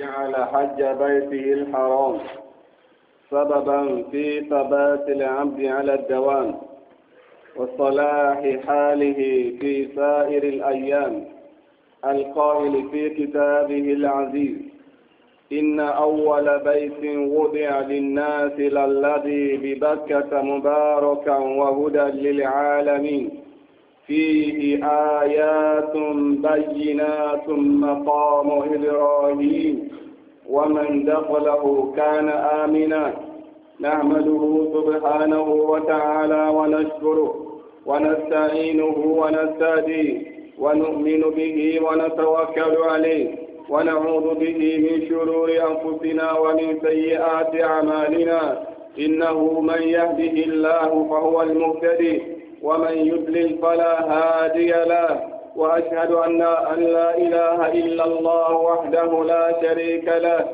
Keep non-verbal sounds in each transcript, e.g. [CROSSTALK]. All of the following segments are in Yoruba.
جعل حج بيته الحرام سببا في ثبات العبد على الدوام وصلاح حاله في سائر الأيام القائل في كتابه العزيز إن أول بيت وضع للناس للذي ببكة مباركا وهدى للعالمين فيه آيات بينات مقام إبراهيم ومن دخله كان آمنا نحمده سبحانه وتعالى ونشكره ونستعينه ونستهديه ونؤمن به ونتوكل عليه ونعوذ به من شرور أنفسنا ومن سيئات أعمالنا إنه من يهده الله فهو المهتدي ومن يضلل فلا هادي له وأشهد أن لا إله إلا الله وحده لا شريك له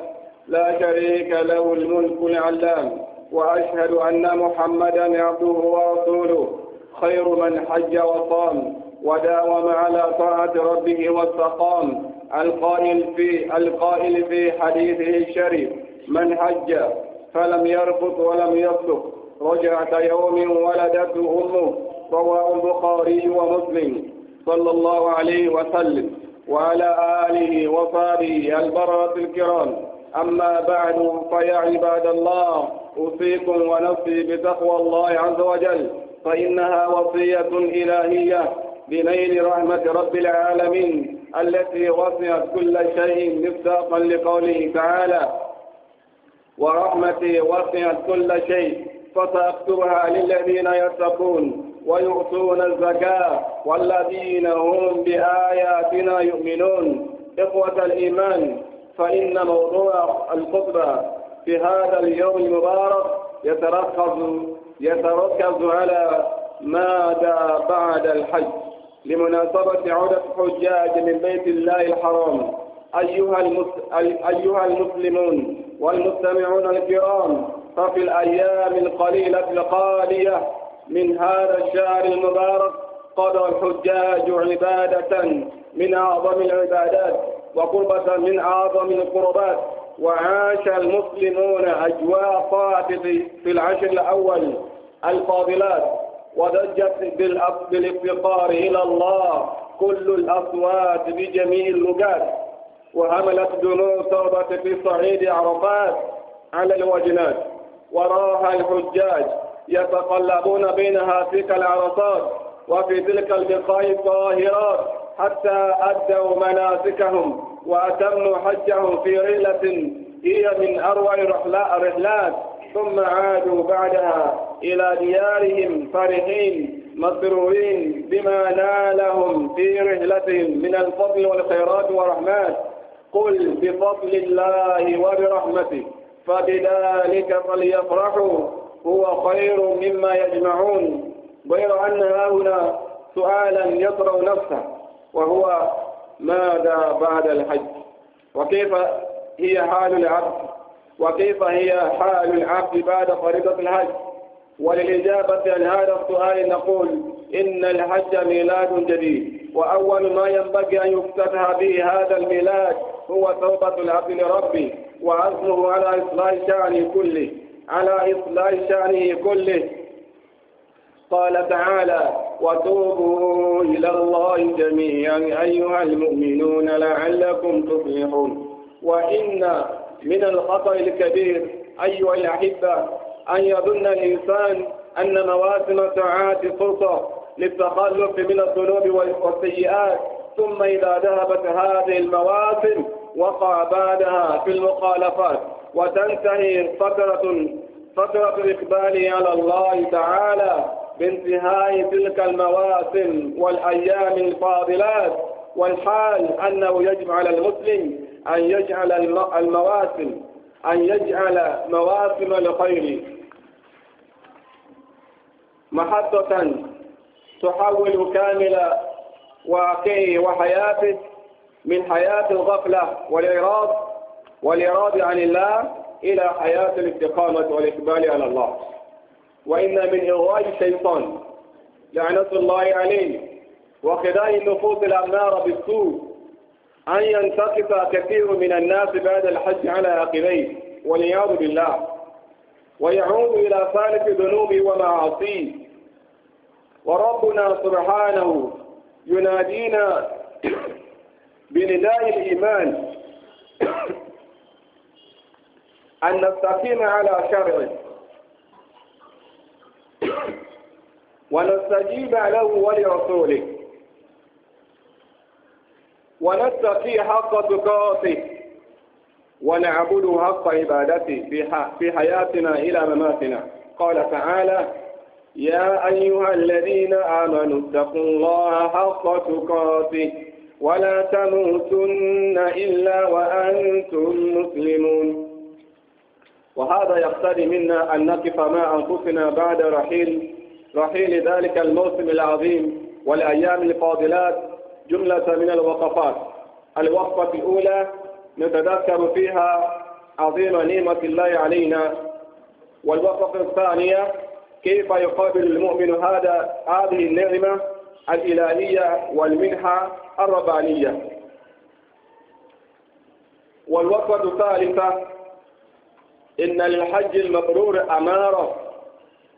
لا شريك له الملك العلام وأشهد أن محمدا عبده ورسوله خير من حج وصام وداوم على طاعة ربه واستقام القائل في القائل في حديثه الشريف من حج فلم يرفض ولم يصدق رجعة يوم ولدته أمه رواه البخاري ومسلم صلى الله عليه وسلم وعلى آله وصحبه البررة الكرام أما بعد فيا عباد الله أوصيكم ونفسي بتقوى الله عز وجل فإنها وصية إلهية بنيل رحمة رب العالمين التي وصيت كل شيء مصداقا لقوله تعالى ورحمتي وصيت كل شيء فسأكتبها للذين يتقون ويؤتون الزكاة والذين هم بآياتنا يؤمنون إخوة الإيمان فإن موضوع الخطبة في هذا اليوم المبارك يتركز يتركز على ماذا بعد الحج لمناسبة عودة الحجاج من بيت الله الحرام أيها, أيها المسلمون والمستمعون الكرام ففي الأيام القليلة القادية من هذا الشهر المبارك قضى الحجاج عبادة من أعظم العبادات وقربة من أعظم القربات وعاش المسلمون أجواء طائفة في العشر الأول الفاضلات وضجت بالافتقار إلى الله كل الأصوات بجميع اللغات وهملت دنو ثوبة في صعيد عرفات على الوجنات وراها الحجاج يتقلبون بينها تلك العرصات وفي تلك البقاع الطاهرات حتى أدوا مناسكهم وأتموا حجهم في رحلة هي من أروع الرحلات ثم عادوا بعدها إلى ديارهم فرحين مسرورين بما نالهم في رحلتهم من الفضل والخيرات والرحمات قل بفضل الله وبرحمته فبذلك فليفرحوا هو خير مما يجمعون غير أن هؤلاء سؤالا يطرأ نفسه وهو ماذا بعد الحج وكيف هي حال العبد وكيف هي حال العبد بعد فريضة الحج وللإجابة عن هذا السؤال نقول إن الحج ميلاد جديد وأول ما ينبغي أن يفتتح به هذا الميلاد هو توبة العبد لربه وعزمه على إصلاح شعره كله على إصلاح شأنه كله قال تعالى وتوبوا إلى الله جميعا أيها المؤمنون لعلكم تفلحون وإن من الخطأ الكبير أيها الأحبة أن يظن الإنسان أن مواسم الساعات فرصة للتخلص من الذنوب والسيئات ثم إذا ذهبت هذه المواسم وقع بعدها في المخالفات وتنتهي فترة فترة الإقبال على الله تعالى بانتهاء تلك المواسم والأيام الفاضلات والحال أنه يجب على المسلم أن يجعل المواسم أن يجعل مواسم الخير محطة تحول كامل واقعه وحياته من حياة الغفلة والإعراض والإرادة عن الله إلى حياة الاستقامة والإقبال على الله وإن من إغواء الشيطان لعنة الله عليه وخداع النفوس الأمارة بالسوء أن ينتقص كثير من الناس بعد الحج على عقبيه والعياذ بالله ويعود إلى ثالث ذنوبه ومعاصيه وربنا سبحانه ينادينا [COUGHS] بنداء الإيمان أن نستقيم على شرعه ونستجيب له ولرسوله ونستقي حق تقاته ونعبد حق عبادته في حياتنا إلى مماتنا قال تعالى يا أيها الذين آمنوا اتقوا الله حق تقاته ولا تموتن إلا وأنتم مسلمون وهذا يقتضي منا أن نقف مع أنفسنا بعد رحيل رحيل ذلك الموسم العظيم والأيام الفاضلات جملة من الوقفات الوقفة الأولى نتذكر فيها عظيم نعمة الله علينا والوقفة الثانية كيف يقابل المؤمن هذا هذه النعمة الإلهية والمنحة الربانية والوقفة الثالثة إن للحج المبرور أمارة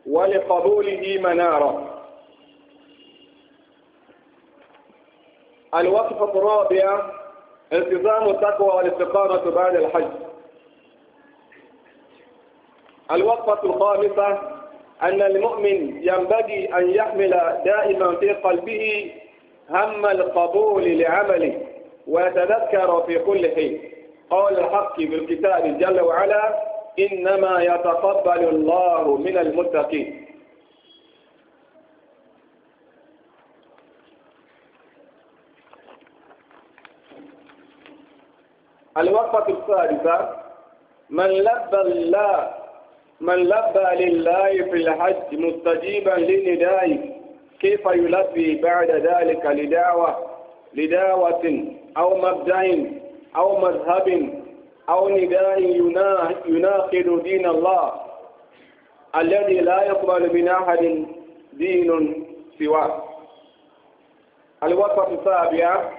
ولقبوله منارة الوصفة الرابعة التزام التقوى والاستقامة بعد الحج الوصفة الخامسة أن المؤمن ينبغي أن يحمل دائما في قلبه هم القبول لعمله ويتذكر في كل حين قول الحق في الكتاب جل وعلا إنما يتقبل الله من المتقين الوقفة الثالثة من لبى الله من لبى لله في الحج مستجيبا لندائه كيف يلبي بعد ذلك لدعوة لدعوة أو مبدأ أو مذهب أو نداء يناقض دين الله الذي لا يقبل من أحد دين سواه الوصف السابع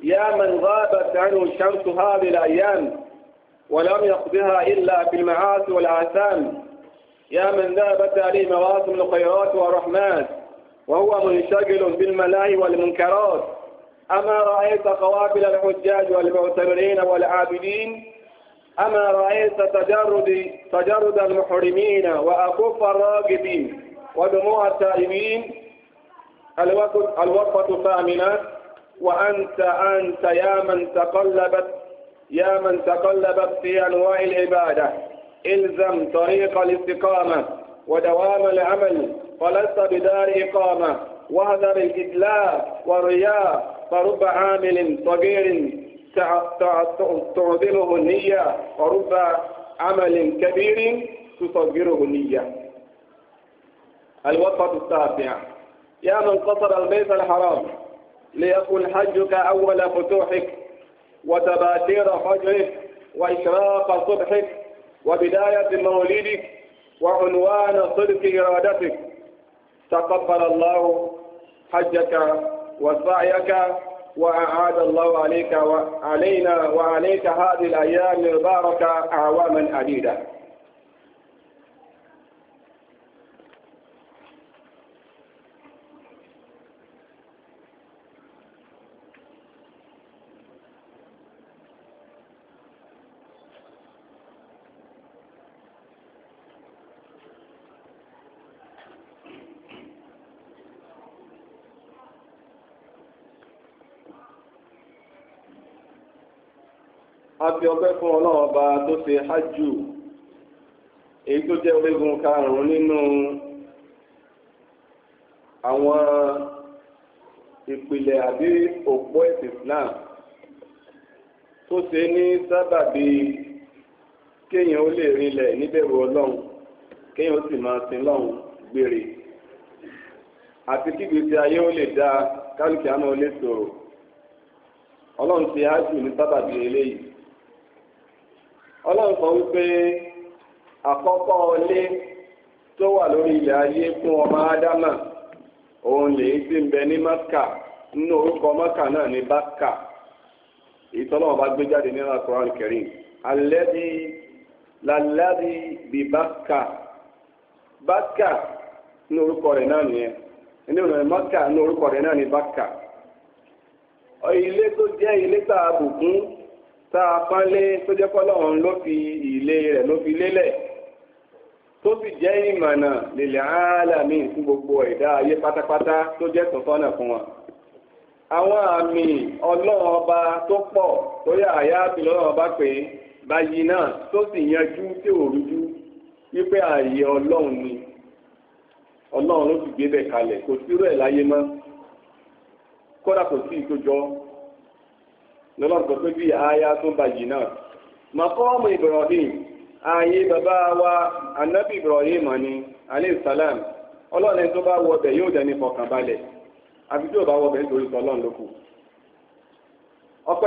يا من غابت عنه الشمس هذه الأيام ولم يقضها إلا بالمعاصي والآثام يا من ذابت عليه مواسم الخيرات والرحمات وهو منشغل بالملاهي والمنكرات أما رأيت قوافل الحجاج والمعتمرين والعابدين أما رأيت تجرد, تجرد المحرمين وأكف الراقبين ودموع التائبين الوقفة ثامنة وأنت أنت يا من تقلبت يا من تقلبت في أنواع العبادة إلزم طريق الاستقامة ودوام العمل فلست بدار إقامة واهذر الإدلاء والرياء فرب عامل صغير تعظمه النية ورب عمل كبير تصغره النية الوقفة السابعة يا من قصر البيت الحرام ليكن حجك أول فتوحك وتباشير فجرك وإشراق صبحك وبداية مولدك وعنوان صدق إرادتك تقبل الله حجك وسعيك وأعاد الله عليك وعلينا وعليك هذه الأيام المباركة أعواما عديدة fi ọpẹ́ fún Ọlọ́run ọba tó ṣe hajj èyí tó jẹ́ orígun karùn-ún nínú àwọn ìpìlẹ̀ àbí òpó ẹ̀sìn Islam tó ṣe ní sábàbí kéèyàn ó lè rinlẹ̀ níbẹ̀rù Ọlọ́run kéèyàn ó sì máa sin lọ́run gbére àti kígbèsè ayé ó lè dáa kálukì àmọ́ ó lè sọ̀rọ̀ Ọlọ́run ti ájù ní sábàbí eléyìí Ọla sọ wípé àkọ́kọ́ tó wà lórí ilẹ̀ ayé fún ọmọ ádámà òun lè tí ń bẹ ní maka nínú maka náà ní baka ìtọ́lọ́wọ́n bá gbé jáde nínú Al-Qur'an Al-Karim baka baka nínú orúkọ náà nìyẹn maka orúkọ baka ilé tó jẹ́ ilé tá a pánlé tó jẹ́ pọ́lọ́run ló fi ilé rẹ̀ ló fi lélẹ̀ tó sì jẹ́ ìmọ̀nà lèlẹ̀ áálàmì fún gbogbo ẹ̀dá ayé pátápátá tó jẹ́ tọ́sọ́nà fún wọn àwọn àmì ọlọ́run ọba tó pọ̀ tó yà àyà àti lọ́rọ̀ ọba pé báyìí náà tó sì yanjú tí ò rújú wípé ààyè ọlọ́run ni ọlọ́run ló fi gbé bẹ̀ kalẹ̀ kò sírò ẹ̀ láyé mọ́ kódà kò sí ìtójọ́ lọ́lọ́run sọ pé bí aya tó bàjì náà maqamu Ibrahim anyị bàbá wa anabi Ibrahim ni alayhi salam tó bá wọ yóò dẹni fọkànbalẹ̀ àbí tí ò bá wọ nítorí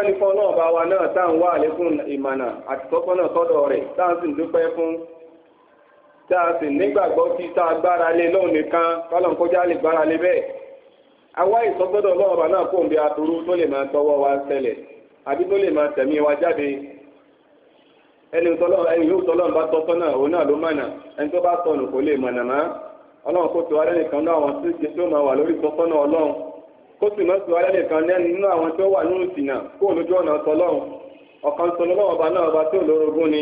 ní fún wa náà tá ń wá àlékún ìmọ̀nà àti tọ́pọ́ náà rẹ̀ tá a sì nígbàgbọ́ tá a gbára lé nìkan àbí tó lè máa tẹ̀mí wa jáde ẹni yóò tọ́lọ́run bá tọ́ sọ́nà òun náà ló mọ̀nà ẹni tó bá sọnù kò lè mọ̀nà mọ́ ọlọ́run kó tiwa lẹ́nìkan náà àwọn tí tí ó máa wà lórí tọ́sọ́nà ọlọ́run kó sì mọ́ tiwa lẹ́nìkan nínú àwọn tí ó wà nínú ìsìnà kó lójú ọ̀nà tọ́lọ́run ọ̀kan sọ lọ́wọ́ ọba náà ọba tí lórogún ni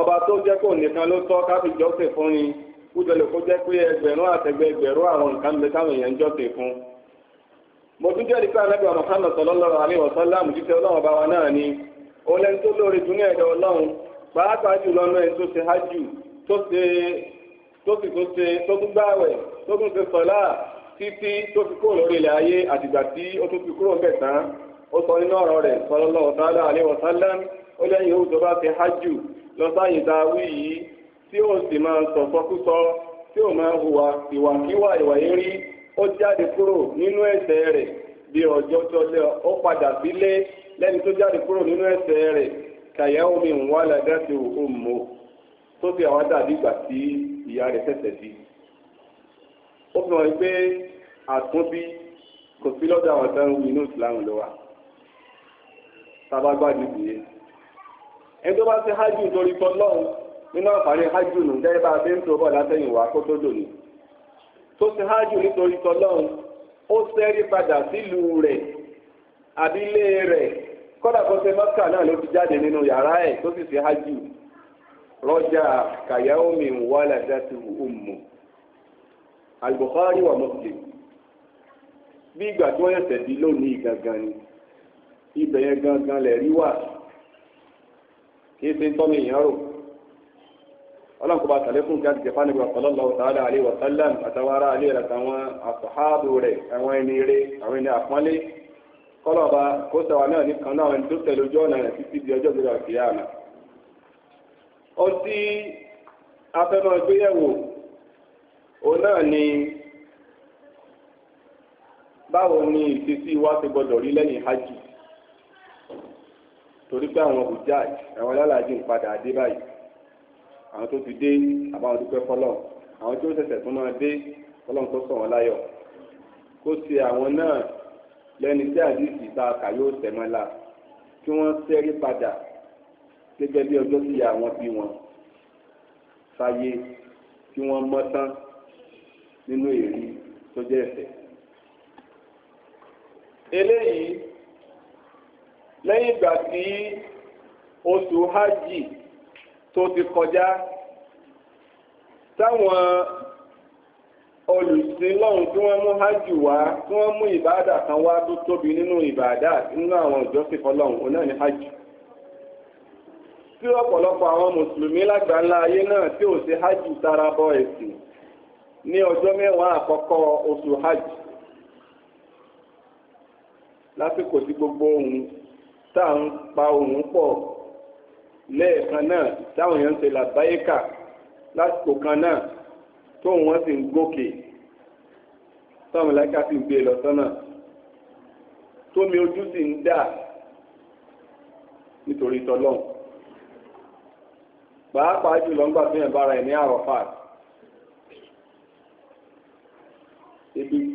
ọba tó jẹ́ kó nìkan ló tọ́ káfí jọ́sìn fún ni kújọ lè kó jẹ́ pé ẹgbẹ̀rún àtẹgbẹ̀gbẹ̀rún àwọn nǹkan bẹ táwọn èèyàn jọ́sìn fún mo tún jẹ́rìí pé anábìá Muhammad sallallahu alaihi wasallam jíjẹ́ ọlọ́run ọba wa náà ni òun lẹni tó lóore dùn ní ẹ̀dọ̀ ọlọ́run pàápàá jùlọ náà ẹni tó ṣe hajj tó ṣe tó sì tó ṣe tó tún gbààwẹ̀ tó tún ṣe sọ̀lá títí tó fi kúrò lórí ilẹ̀ ayé àtìgbà tí ó tún fi kúrò bẹ̀ tán ó sọ nínú ọ̀rọ̀ rẹ̀ sallallahu ta'ala alaihi hajj lọ sáyìn tá a wí yìí tí ó sì máa sọ̀sọ́kúsọ tí ó máa hùwà ìwàkíwà ìwà yẹn rí ó jáde kúrò nínú ẹ̀ṣẹ̀ rẹ̀ bí ọjọ́ tó lé ó padà sílé lẹ́ni tó jáde kúrò nínú ẹ̀ṣẹ̀ rẹ̀ kàyáwó mi ń wá lẹ́dẹ́sì òmò tó fi àwọn dàbí ìgbà tí ìyá rẹ̀ ṣẹ̀ṣẹ̀ bí. ó fi hàn pé àtúnbí kò sí lọ́dọ̀ àwọn tó ń wí inú ìsìláàmù lọ́wọ́ tabagbadi bìí ẹni tó bá ṣe hajj nítorí tọ́lọ́run nínú àǹfààní hajj nù jẹ́ bá ń tó bọ̀ látẹ̀yìnwá kó tó dòní tó ti hájù nítorí tọlọ́run ó sẹ́rí padà sílùú rẹ̀ àbílé rẹ̀ kọ́dà kó ṣe mọ́kà náà ló ti jáde nínú yàrá ẹ̀ tó sì ti hájù rọ́jà kàyáwómi waladatu ummu Al-Bukhari wa Muslim bí ìgbà tí wọ́n yẹ̀sẹ̀ di lónìí gangan ni ibẹ̀ yẹn gangan lẹ̀ rí wà kí ṣe tọ́mi èèyàn rò ọlọ́run kò bá tàlékún kí á ti jẹ́pá níbi sallallahu ta'ala alaihi wa sallam àtàwọn ará alẹ́ rẹ̀ àtàwọn àfọ̀háàbò rẹ̀ àwọn ẹni rẹ̀ àwọn ẹni àpọ́nlé kọ́lọ́ba kó sọ wa náà nìkan náà ẹni tó tẹ̀lé ojú ọ̀nà rẹ̀ títí di ọjọ́ ìgbéra òkè àná. ọtí afẹ́mọ́ ìgbéyẹ̀wò òun náà ni báwo ni ìṣesí wa ti gbọdọ̀ rí lẹ́yìn hajj torí pé àwọn òjáàj àwọn alálàájì ń padà dé báyìí àwọn tó ti dé àbáwọn dúpẹ́ fọlọ́ àwọn tí ó ṣẹ̀ṣẹ̀ tún máa dé fọlọ́n tó sọ wọn láyọ̀ kó ṣe àwọn náà lẹ́ni tí àdìsí ta kà yóò tẹ̀mọ́ la kí wọ́n sẹ́rí padà gẹ́gẹ́ bí ọjọ́ sí àwọn bí wọn sáyé kí wọ́n mọ́ tán nínú èrí tó jẹ́ ẹ̀ṣẹ̀. eléyìí lẹ́yìn ìgbà tí oṣù hajj tó ti kọjá táwọn olùsìnlọ́hun tí wọ́n mú hajj wá tí wọ́n mú ìbáàdà kan wá tó tóbi nínú ìbáàdà nínú àwọn ìjọsìn fọlọ́hun òun náà ni hajj tí ọ̀pọ̀lọpọ̀ àwọn mùsùlùmí lágbàńlá ayé náà tí ò hajj tara bọ́ ẹ̀sìn ní ọjọ́ mẹ́wàá àkọ́kọ́ hajj lásìkò tí gbogbo ohun tá à ń pa lẹ́ẹ̀kan náà táwọn èèyàn ń ṣe làbáyékà lásìkò kan náà tóun wọ́n sì ń gòkè táwọn ìlàkà sì ń gbé e lọ sọ́nà tómi ojú sì ń dà nítorí tọlọ́hùn pàápàá jùlọ ń gbà fún ẹ̀bára ẹ̀ ní àròfà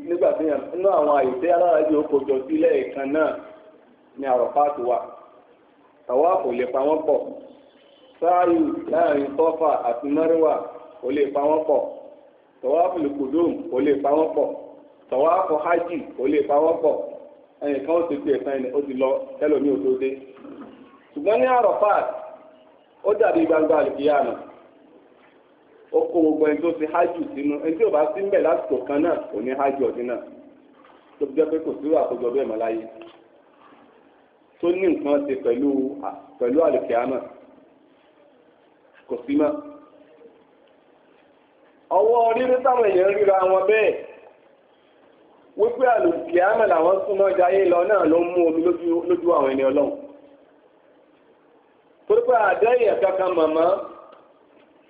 nígbà tí nínú àwọn àyè tí alára jù ó kojọ sílẹ̀ ìkan náà ní àròfà tó wà tàwa kò lè pa wọ́n pọ̀ sáàyù láàrin tọ́fà àti mẹ́rìwà kò lè pa wọ́n pọ̀ tàwa kùdùm kò lè pa wọ́n pọ̀ tàwa kò hajj kò lè pa wọ́n pọ̀ ẹnìkan ó ti fi ẹ̀sán ẹni ó ti lọ ẹlòmíì ò tó dé ṣùgbọ́n ní Arafat ó dàbí gbangba àlùkìyàmù ó kó gbogbo ẹni tó ti hajj sínú ẹni tí ò bá sí mbẹ̀ lásìkò kan náà kò ní hajj ọdún náà tó fi jẹ́ pé kò sí àkójọ bẹ́ẹ̀ mọ́ láyé tó ní nǹkan ṣe pẹ̀lú pẹ̀lú àlùkìámà kò sí mọ́ ọwọ́ rírí táwọn èèyàn ríra wọn bẹ́ẹ̀ wípé àlùkìámà làwọn súnmọ́ jayé lọ náà ló ń mú omi lójú àwọn ẹni ọlọ́run torí pé àdẹ́yìn ẹ̀ka kan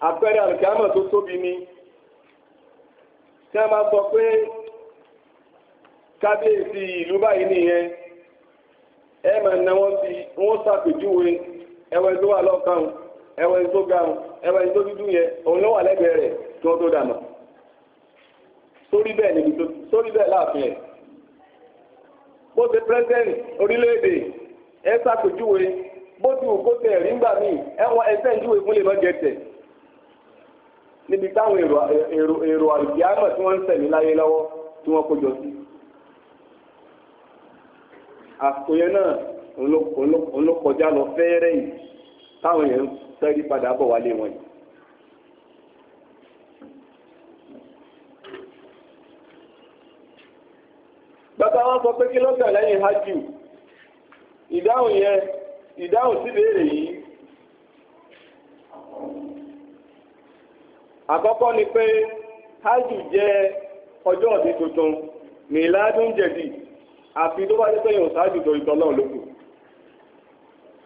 àpẹẹrẹ àlùkìámà tó tóbi ni tí a máa sọ pé kábíyèsí ìlú báyìí nìyẹn ẹ máa na wọn bí wọn ṣàpèjúwe ẹwẹ tó wà lọ́kàn ẹwẹ tó ga ẹwẹ tó dúdú yẹn òun ló wà lẹ́gbẹ̀ẹ́ rẹ̀ kí wọ́n tó dànù sórí bẹ́ẹ̀ láàfin ẹ̀ bó orílẹ̀-èdè ẹ ṣàpèjúwe bó ti wù kó tẹ̀ rí ńgbà ń júwe fún lè má níbi táwọn èrò tí wọ́n ń àsìkò yẹn náà òun kọjá lọ fẹ́ẹ́rẹ́ yìí táwọn yẹn ń sẹ́rí padà bọ̀ wálé wọn yìí. bàbá wọn sọ pé kí ló gbà lẹ́yìn hajj ìdáhùn yẹn ìdáhùn sí béèrè yìí àkọ́kọ́ ni pé hajj jẹ́ ọjọ́ ọ̀dẹ tuntun mìládùn jẹ̀dì. àfi tó bá jẹ́ pé èèyàn ṣáájú torí tọ́lọ́run lókù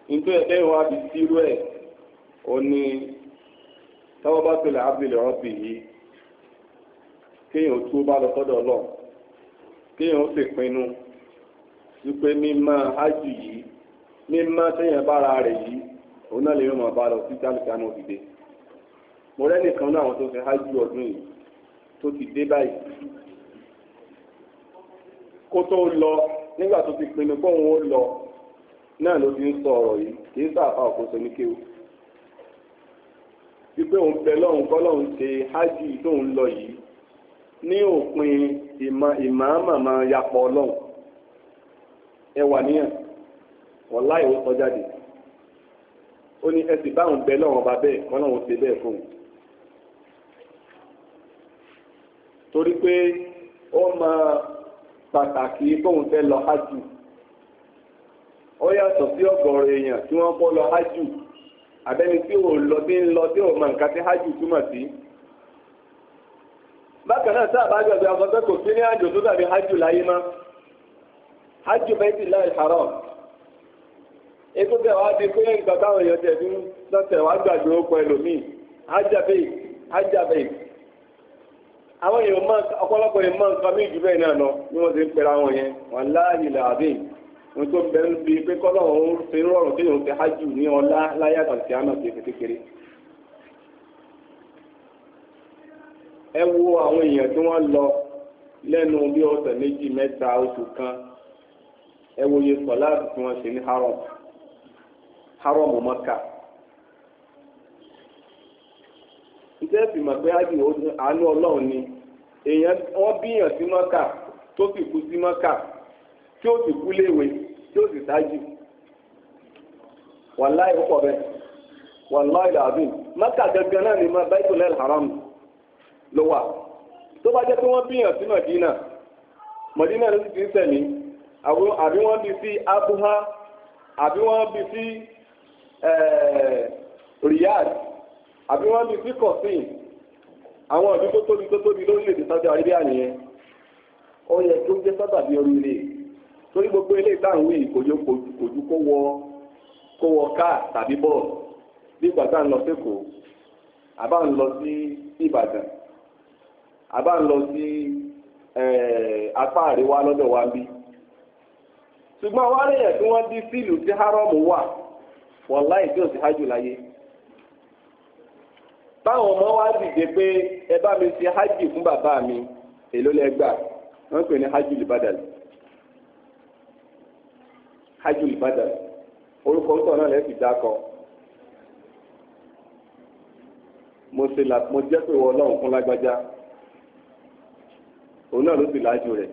nítorí ẹ̀kẹ́ ìwọ̀n àti tírú ẹ̀ ò ní táwọn bá tẹ̀lé ábìlẹ̀ ọ̀sìn yìí kéèyàn tó bá lọ sọ́dọ̀ Ọlọ́run kéèyàn ó sì pinnu wípé mímá ájù yìí mímá téèyàn bára rẹ̀ yìí òun náà lè yóò máa bá lọ sí tálùkánù òdìdé mo rẹ́nìkan náà àwọn tó fi ájù ọdún yìí tó ti dé báyìí kó tó lọ nígbà tó ti pinnu bóun ó lọ náà ló fi ń sọ ọ̀rọ̀ yìí kì í sàfà òkòtò ní kéwù wípé òun bẹ lọ́hùn kọ́lọ́hùn ṣe hajj tóun lọ yìí ní òpin ìmọ̀ ìmọ̀ yapọ̀ ọlọ́hùn ẹ wà níyàn wọ́n láì ó sọ jáde ó ní ẹ sì báwọn bẹ lọ́hùn ọba bẹ́ẹ̀ kọ́lọ́hùn ṣe bẹ́ẹ̀ fún un torí pé ó máa. pàtàkì bóun fẹ́ lọ hajj ó yàtọ̀ sí ọ̀gọ̀rọ̀ èèyàn tí wọ́n kọ́ lọ hajj àbẹ́ni tí ò lọ bí ń lọ tí ò mọ nǹkan tí túmọ̀ sí. bákan náà tá a bá kò sí ní àjò tó dàbí hajj láyé mọ́ hajj bẹ́ẹ̀tì láì haram ètò wá di pé nǹkan táwọn èèyàn tẹ̀ fi ń lọ́tẹ̀ wá gbàgbé ó pọ̀ ẹlòmíì àwọn èèyàn máa ọ̀pọ̀lọpọ̀ èèyàn máa ń ka méjì bẹ́ẹ̀ náà lọ bí wọ́n ti ń pera wọn yẹn wàláhì làbí wọn tó bẹ ń bi pé kọ́lọ́run ṣe ń rọrùn téèyàn ti hájù ní ọlá láyé àtàntì àmà ti fi kékeré. ẹ wo àwọn èèyàn tí wọ́n lọ lẹ́nu bí ọ̀sẹ̀ méjì mẹ́ta oṣù kan ẹ wo iye sọ̀láàbù tí wọ́n ṣe ní haram haram mọ́ka. iṣẹ́ sì mọ̀ pé ájì àánú ọlọ́run ni èèyàn wọ́n bíyàn sí mọ́kà tó sì kú sí mọ́kà tí ó sì kú léwe tí ó sì ṣáájú wàláì ó pọ̀ bẹ́ẹ̀ wàláì làbí mọ́kà gangan náà ni Baitul Haram ló wà tó bá jẹ́ pé wọ́n bíyàn sí Mọ̀dínà Mọ̀dínà ló sì ti ń sẹ̀mí àbí wọ́n bí sí Abuha àbí wọ́n eh, àbí wọ́n isi síkọ̀ sí àwọn ìlú tó tóbi tó tóbi lórílẹ̀‐èdè Saudi Arabia nìyẹn ó yẹ kí ó jẹ́ sábàbí torí gbogbo ilé ìtàwé ìkòjó kòjú kó wọ kó wọ káà tàbí bọ́ọ̀lù bí ìgbà ń lọ sẹ́kọ̀ọ́ àbá ń lọ sí Ìbàdàn àbá ń lọ sí eh, apá àríwá lọ́dọ̀ wa bí ṣùgbọ́n tí wọ́n dí wà tí báwọn ọmọ wa dìde pé ẹ bá mi ṣe hajj fún bàbá mi èló lẹ gbà wọ́n pè ní hajj libadal hajj libadal orúkọ tó náà lẹ́sìn dákọ̀ mo ṣe là mo jẹ́ pé wọ́n lọ́hùn fún lágbájá òun náà ló sì lájú rẹ̀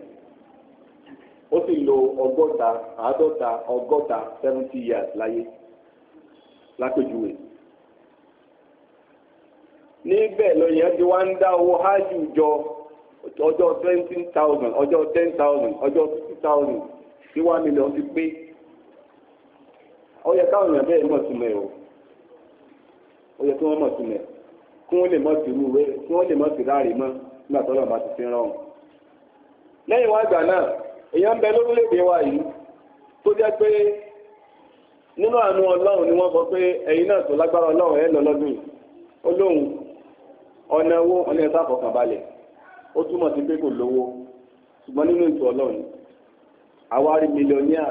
ó sì lo ọgọ́ta àádọ́ta ọgọ́ta seventy years láyé lápèjúwe. La níbẹ̀ lọ́yìn ti wá ń dá owó hajj jọ ọjọ́ twenty thousand ọjọ́ ten thousand ọjọ́ fifty thousand sí one million ti pé ó káwọn èèyàn bẹ́ẹ̀ mọ̀ o ó kí wọ́n mọ̀ túmọ̀ kí wọ́n lè mọ̀ sí kí wọ́n lè mọ̀ sí láàrin mọ́ nígbà tó wa yìí tó jẹ́ pé nínú àánú ọlọ́run ni wọ́n sọ pé ẹ̀yin náà tó lágbára ọlọ́run ọ̀nà owó ọ̀nà ẹ̀sà àfọkànbalẹ̀ ó túmọ̀ sí pé kò lówó ṣùgbọ́n nínú ètò ọlọ́run àwárí mílíọ̀nìà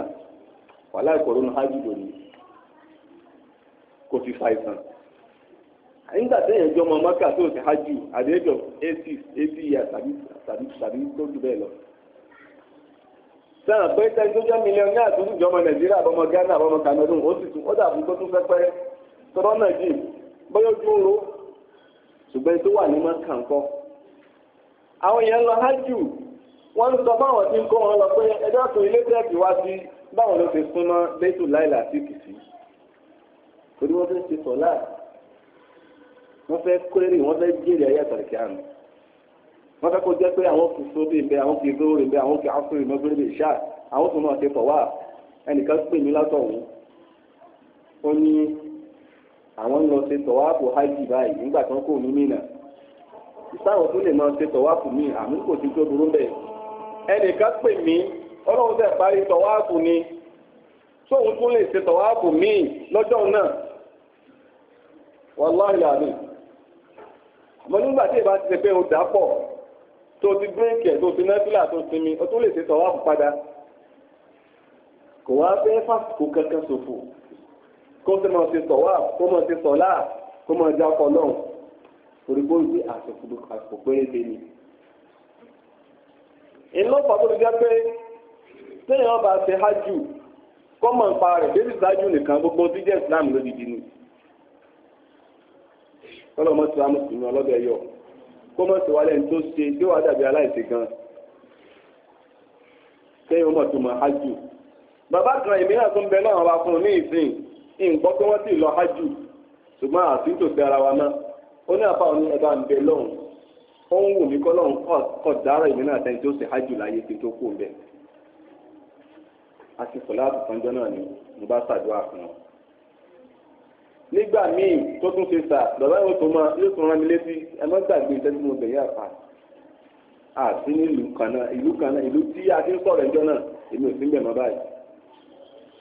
wàhálà ìkọ̀rọ̀nù hajj lónìí kò fi ṣàìsàn nígbà téèyàn jọ ọmọ mọ́kà tó ti hajj at the age of eighty eighty years tàbí tàbí tàbí tó jù bẹ́ẹ̀ lọ sẹ́wọ̀n pé tẹ́jú jẹ́ mílíọ̀nù náà tó ń jọmọ nàìjíríà bọ́mọ ghana bọ́mọ cameroon ó sì tún ó dàbí tó tún fẹ́ pẹ́ tọ́rọ́ náà bóyá ojú ń ro ṣùgbọ́n tó wà ní mọ́kàn kọ́ àwọn èèyàn lọ hajj wọ́n ń sọ báwọn tí ń kó wọn lọ pé ẹjọ́ tó ilé tẹ́ẹ̀kì wá sí báwọn ló ti súnmọ́ bẹ́tù láìlà sí kìsì torí wọ́n fẹ́ ṣe sọ̀lá wọ́n fẹ́ kórè wọ́n fẹ́ jèrè ayé àtàlẹ́kẹ́ àná wọ́n fẹ́ kó jẹ́ pé àwọn kì í sóbì bẹ́ẹ̀ àwọn kì í dóore bẹ́ẹ̀ àwọn kì í asúrì mọ́gbẹ́rẹ́ bẹ́ẹ̀ ṣáà àwọn tó máa ṣe fọ̀ wá ẹnìkan pè mí látọ̀ òun ó ní àwọn ń lọ ṣe tọ̀wáàpù hajj báyìí nígbà tán kò ní lè máa ṣe mi kò sí tó burú ni sóun tún lè ṣe tọ̀wáàpù mi lọ́jọ́ náà wàláhì làbí mo nígbà tí ìbá ti ṣe pé o dà pọ̀ ti ẹ̀ tó ti tó o tún lè ṣe padà kò wá fẹ́ fásitì kankan ṣòfò. kó sì máa ṣe sọ̀wá kó máa ṣe sọ̀lá kó máa já ọkọ̀ náà torí bó ń gbé àsìkò péréte ni. iná pàtó ti jẹ́ pé téèyàn bá ṣe hajj kó mọ̀ nípa rẹ̀ débi ṣáájú nìkan gbogbo tí jẹ́ Islam lódìdí ni. kọ́lọ́mọ́ ti wá mùsùlùmí ọlọ́dẹ yọ kó mọ̀ sí wálé ní tó ṣe tí ó wà dàbí aláìsí gan-an kéèyàn tó mọ̀ hajj bàbá kan ìmíràn tó ń bẹ náà wà fún un ní ìsìn nǹkan tí wọ́n sì lọ hajj ṣùgbọ́n àtúntòsí ara wa náà ó ní àbá òní ẹ̀bá ń bẹ lọ́hùn ó ń wù mí kọ́ lọ́hùn kọ́ dára ìmí náà tó ṣe hajj láyé kí tó kú bẹ́ẹ̀. àsìkò láti kanjọ́ náà ni mo bá ṣàdúrà fún wọn. nígbà míì tó tún ṣe sà bàbá yóò tún máa yóò tún rán mi létí ẹ má gbàgbé ìtẹ́jú mo bẹ̀yẹ àpá àti ní ìlú kan náà ìlú kan náà ìlú tí a ti ń sọ̀rọ̀ ẹjọ́ náà èmi ò sí ń bẹ̀ mọ́ báyìí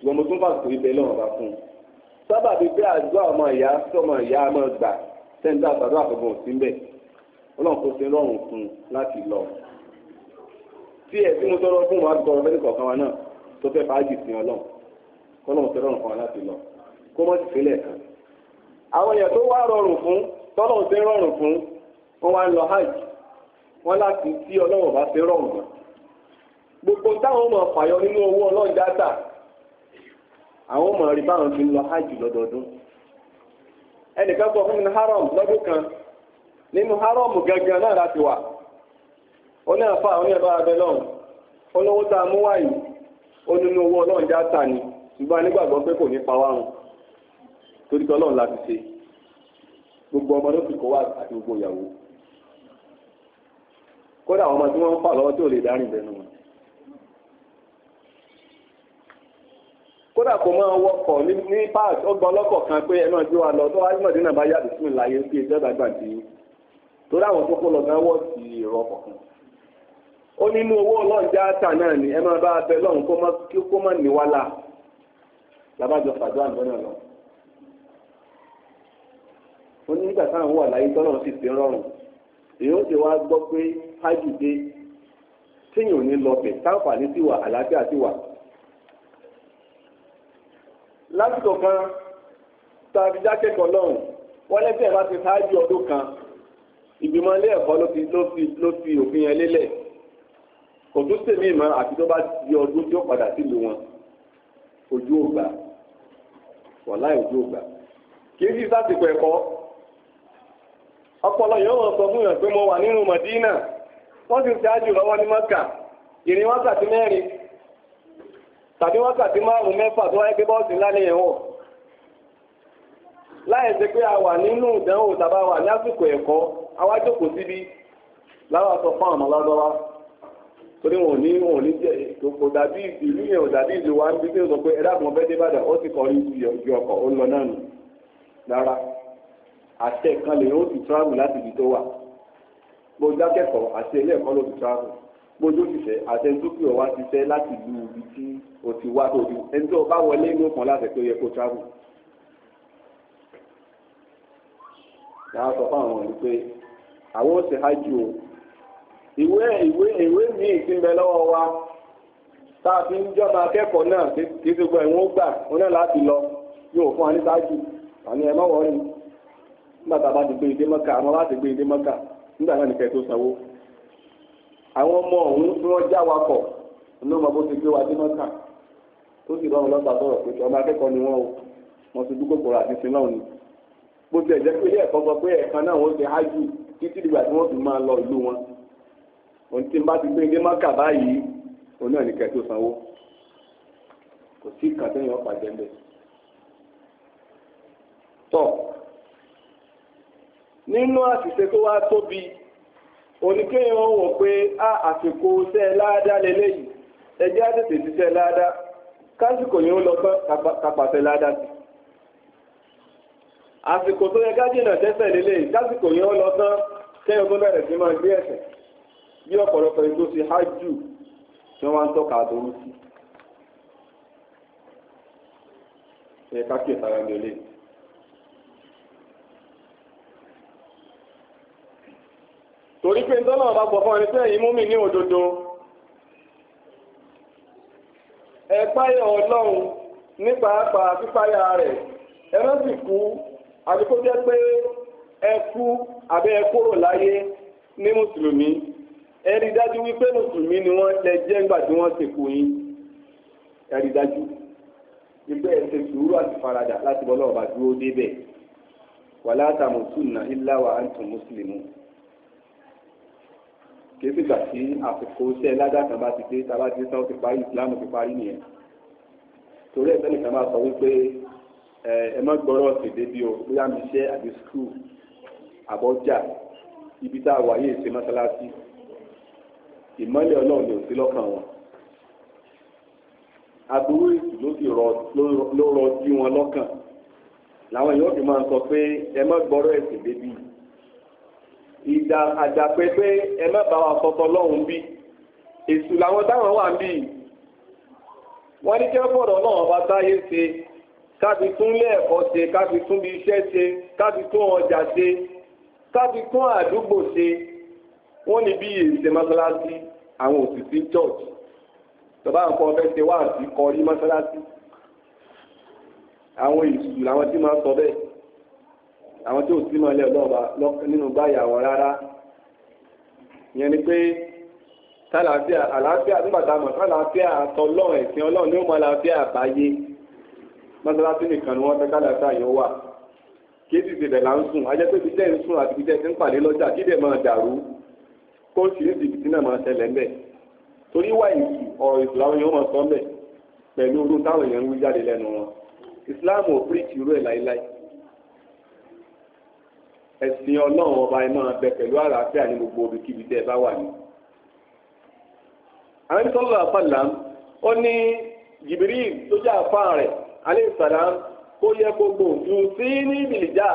ṣùgbọ́n mo tún fàṣọ ibẹ̀ lọ́wọ́ bá fún un sábà bíi pé àdúrà ọmọ ìyá sọmọ ìyá máa gbà sẹ́ńdà àgbàdo àgbàgbọ̀ sí ń bẹ̀ ọlọ́run kò ṣe rọrùn fún un láti lọ. tí ẹ tí mo tọrọ fún wa tọrọ fẹ́ẹ́ kọ̀ọ̀kan wa náà tó fẹ́ fàájì sí ọlọ́run kọ́lọ́run ṣe rọrùn fún wa láti lọ kó mọ́ sì sílẹ̀ kan. àwọn èèyàn tó wá rọrùn fún tọ́lọ́run ṣe rọrùn fún wọn wá ń lọ hajj wọn láti tí ọlọ́run bá ṣe rọrùn gbogbo táwọn ọmọ àfàyọ nínú owó ọlọ́run dáadáa àwọn ọmọ rí báwọn ti ń lọ hajj lọ́dọọdún ẹnìkan sọ fún mi ní haram lọ́dún kan nínú haram gangan náà láti wà ó àfa àwọn abẹ olówó tá a mú owó ọlọ́run já tà ní ṣùgbọ́n nígbàgbọ́ pé kò ní pa wá gbogbo ọmọ kọ́ wá àti gbogbo ìyàwó kódà àwọn ọmọ tí wọ́n ń fà lọ́wọ́ kódà kò máa wọkọ̀ ní part ọgbà ọlọ́kọ̀ kan pé ẹ gbé wa lọ tó wá nímọ̀ dínà bá yàtọ̀ sínú ìlàyé bí ẹjọ́ torí àwọn tó kó lọ gan sí ọkọ̀ ó ní inú owó ọlọ́ọ̀jà àtà náà ni ẹ máa bá abẹ kó kó lọ. ó ní nígbà táwọn wà láyé lásìkò kan tàbí jákèkọ̀ọ́ lọ́hùn wọ́n lẹ́sẹ̀ bá ti ṣáájú ọdún kan ìgbìmọ̀ ilé ẹ̀kọ́ ló fi ló fi òfin yẹn lélẹ̀ kò tún sèmi ìmọ̀ àti tó bá di ọdún tí ó padà sílùú wọn ojú ògbà wọ̀lá ojú ògbà kì í sì sásìkò ẹ̀kọ́ ọpọlọ yóò wọ́n sọ fún yàn pé mo wà nínú Mọ̀dínà wọ́n sì ṣáájú lọ́wọ́ ní Mọ́kà ìrìn wákàtí mẹ́rin tàbí wákàtí márùn-ún mẹ́fà tó wáyé bọ́ọ̀sì ńlá ní ẹ̀wọ̀n pé a wà nínú ìdánwò tàbá wà ní àsìkò ẹ̀kọ́ awájókòó síbi láwà sọ fún àwọn tó ní wọn kò dàbí ìlú yẹn wa ń bí sọ pé ẹ̀dá àbọ̀n bẹ́ẹ̀ débàdàn ó ti kọ́ ju ọkọ̀ ó lè ó bójú òṣìṣẹ́ àti ẹni tó pè ọ wá láti lu ibi tí o ti wá tó di ẹni tó bá wọlé inú kan láti pé yẹ kó travel. yàrá sọ fún àwọn pé àwọn òsè hajj o ìwé ìwé ìwé míì ti bẹ lọ́wọ́ wa tá a fi ń jọba akẹ́kọ̀ọ́ náà kí ti ẹ̀wọ̀n gbà wọn náà láti lọ yóò fún wa ní ṣáájú àmì ẹ̀ mọ́ wọ́ọ́rì nígbà tá a bá ti gbé ìdè e mọ́kà àmọ́ bá ti gbé ìdè e mọ́kà nígbà náà nìkẹ́ tó sanwó àwọn ọmọ ọ̀hún tí wọ́n já wa kọ̀ ní ọmọ bó ti gbé wa dé mọ́ta tó sì rọrùn lọ́sàá sọ̀rọ̀ pé ọmọ akẹ́kọ̀ọ́ ni wọ́n o wọ́n ti dúkọ̀ kọ̀ọ̀rọ̀ àti sinlọ́ọ̀ ni bó ti ẹ̀jẹ̀ pé ilé ẹ̀kọ́ sọ pé ẹ̀kan náà wọ́n ti hájú títí dìgbà tí wọ́n fi máa lọ ìlú wọn òun tí n bá ti gbé dé mọ́kà báyìí òun náà ní kẹ́tó sanwó kò sí kàtẹ́yìn ọ̀pá jẹ́ńbẹ̀ tọ́ nínú àṣìṣe tó wá tóbi oníkéyàn ó wọ̀ pé a àsìkò sẹ́ láàdá lélẹ́yìí ẹjẹ́ àtètè ti sẹ́ kásìkò yìí lọ kapa kápàṣẹ láàdá sí àsìkò tó yẹ kájìnà tẹ́sẹ̀ lélẹ́yìí kásìkò yìí lọ tán kẹ́yìn tó bẹ̀rẹ̀ sí máa gbé ẹ̀sẹ̀ bí ọ̀pọ̀lọpọ̀ ṣe tí wọ́n ń torí pé ntọ́nà ọba pọ̀ fún ẹni pé ẹ̀yin múmi ní òdodo ẹ páyà ọlọ́run nípa apá pípáyà rẹ̀ ẹ má sì kú àbí kó jẹ́ pé ẹ kú àbí ẹ kúrò láyé ní mùsùlùmí ẹ rí dájú wípé mùsùlùmí ni wọ́n lẹ jẹ́ ńgbà tí wọ́n sìnkú yín ẹ dájú wípé ẹ sùúrù àti faradà láti bọ́ lọ́wọ́ dúró débẹ̀ wàlá tamutunna illa wa antum muslimun kìí fìgbà tí àsìkò iṣẹ́ ládàkà bá ti dé tábà dé táwọn ti parí ìsìlámù ti parí nìyẹn torí ẹ̀ sẹ́nìkan máa sọ wípé ẹ mọ́ gbọ́rọ̀ ọ̀sẹ̀ débi o bóyá mi iṣẹ́ àbí skul àbọ́jà ibi tá a wà yìí ṣe mọ́sálásí ìmọ́lẹ̀ ọlọ́run ló sí lọ́kàn wọn aburú èsì ló sì ló rọ sí wọn lọ́kàn làwọn èèyàn fi máa sọ pé ẹ mọ́ gbọ́rọ̀ ẹ̀sìn débi yìí ìdá àjàpẹ́pẹ́ ẹ má bá wa fọtọ lọ́hùn bí èṣù làwọn táwọn wà ń bì wọ́n ní kí wọ́n fọ̀rọ̀ náà ọba táyé ṣe kábi tún lẹ́ẹ̀kọ́ ṣe kábi tún bí iṣẹ́ ṣe kábi tún ọjà ṣe kábi tún àdúgbò ṣe wọ́n ní bí èsè mọ́sálásí àwọn òṣìṣẹ́ church tọ́ba nǹkan ọbẹ̀ ṣe wá àti kọrí mọ́sálásí àwọn èṣù làwọn tí máa sọ bẹ́ẹ̀ àwọn tí ò sí mọ́lẹ̀ ọlọ́ọ̀bá nínú báyà wọn rárá ìyẹn ni pé tálàáfíà àlàáfíà nígbà tá a mọ̀ tálàáfíà àtọlọ́run ẹ̀sìn ọlọ́run ní ó mọ àlàáfíà àbáyé mọ́sálásí nìkan ni wọ́n fẹ́ kálàáfíà yóò wà kí èsì ìbẹ̀rẹ̀ là ń sùn ajẹ́ pé ibi tẹ́ ń sùn àti ibi tẹ́ ti ń pàdé lọ́jà kí dẹ̀ máa dàrú kó sì ní jìbìtì náà máa ṣẹlẹ̀ ńbẹ̀ torí wà ìsù ọ̀rọ̀ ìsù làwọn èèyàn máa sọ ńbẹ̀ pẹ̀lú orú táwọn èèyàn ń wí jáde lẹ́nu wọn ìsìláàmù ò píríkì irú ẹ̀ láíláí ẹ̀sìn ọlọ́run ọba ẹ máa bẹ pẹ̀lú àlàáfíà ní gbogbo ibikíbi tẹ́ ẹ bá wà ní. àwọn ìsọ̀rọ̀ àfàlàm ó ní Jibril tó jẹ́ àfáà rẹ̀ alẹ́ ìsàlám kó yẹ gbogbo jù sí ní ìbìlìjà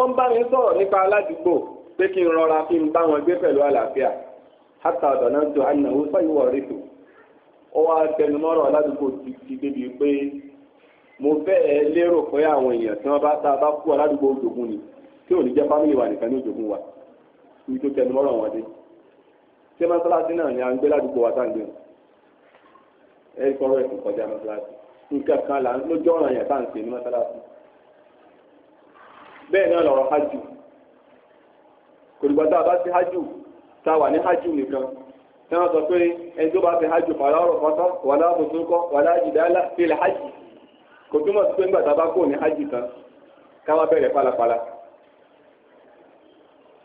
ó ń bá mi sọ̀rọ̀ nípa aládùúgbò pé kí n rọra kí n bá wọn gbé pẹ̀lú àlàáfíà hátà ọ̀dọ̀ náà tó ànáwó sáyíwọ̀ rẹ̀ ó wá tẹnumọ́rọ̀ aládùúgbò ti ti débi pé mo fẹ́ lérò pé àwọn èèyàn tí wọ́n bá ta bá kú aládùúgbò òjògùn ni tí ò ní jẹ́ fámìlì wa nìkan ní òjògùn wa ibi tó tẹnu mọ́rọ̀ wọn dé ṣé mọ́sálásí náà ni à ń gbé ládùúgbò wa sáǹgbé ẹ kọ́rọ́ ẹ̀sìn kọjá mọ́sálásí nǹkan kan là lójọ́ ọ̀ràn yẹn sáà ń ṣe ní mọ́sálásí bẹ́ẹ̀ náà lọ̀rọ̀ hajj kò dìgbà tá a bá ti hajj tá a wà ní hajj nìkan tí wọ́n sọ pé ẹni tó bá ti hajj fàlà ọ̀rọ̀ kọ́tọ́ wàlá àbùsùnkọ́ wàlá ìdálá fil hajj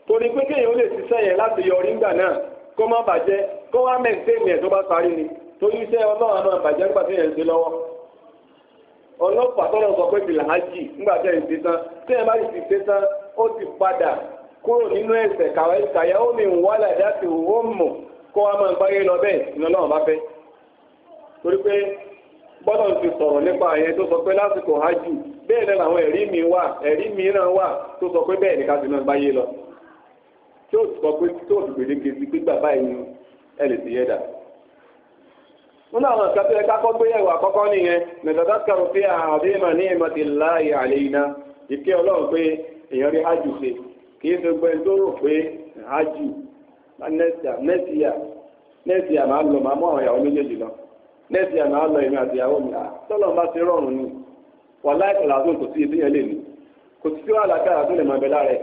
torí pé kéèyàn lè ṣiṣẹ́ yẹn láti yọrí ńgbà náà kó má bàjẹ́ kó wá mẹ́ǹtẹ́ẹ̀nì ẹ̀ tó bá parí ni torí iṣẹ́ ọlọ́run náà bàjẹ́ nígbà tí yẹn ń ṣe lọ́wọ́ ọlọ́pàá tọ́lọ̀ sọ pé bìlà nígbà tí yẹn tán tí yẹn bá ṣe tán ó ti padà kúrò nínú kàwé kàyà ó mi lọ bẹ́ẹ̀ bá fẹ́ torí pé ti sọ̀rọ̀ nípa tó sọ pé lásìkò ájì bẹ́ẹ̀ náà làwọn ẹ̀rí mi wà ẹ̀rí mìíràn wà tó sọ pé tó o sọ pé tó o sì pé bàbá yìí ẹ ti yẹ dà. wọn ẹ pé ẹwà àkọ́kọ́ nìyẹn kàrò pé ní ìmọ̀tì láàyè àlẹ́ iná ọlọ́run pé èèyàn rí hajj ṣe kì í gbẹ tó rò pé hajj máa lọ máa mú àwọn ìyàwó méjèèjì lọ máa lọ àti ìyàwó bá ti rọrùn ni ní kò sí wàhálà káyà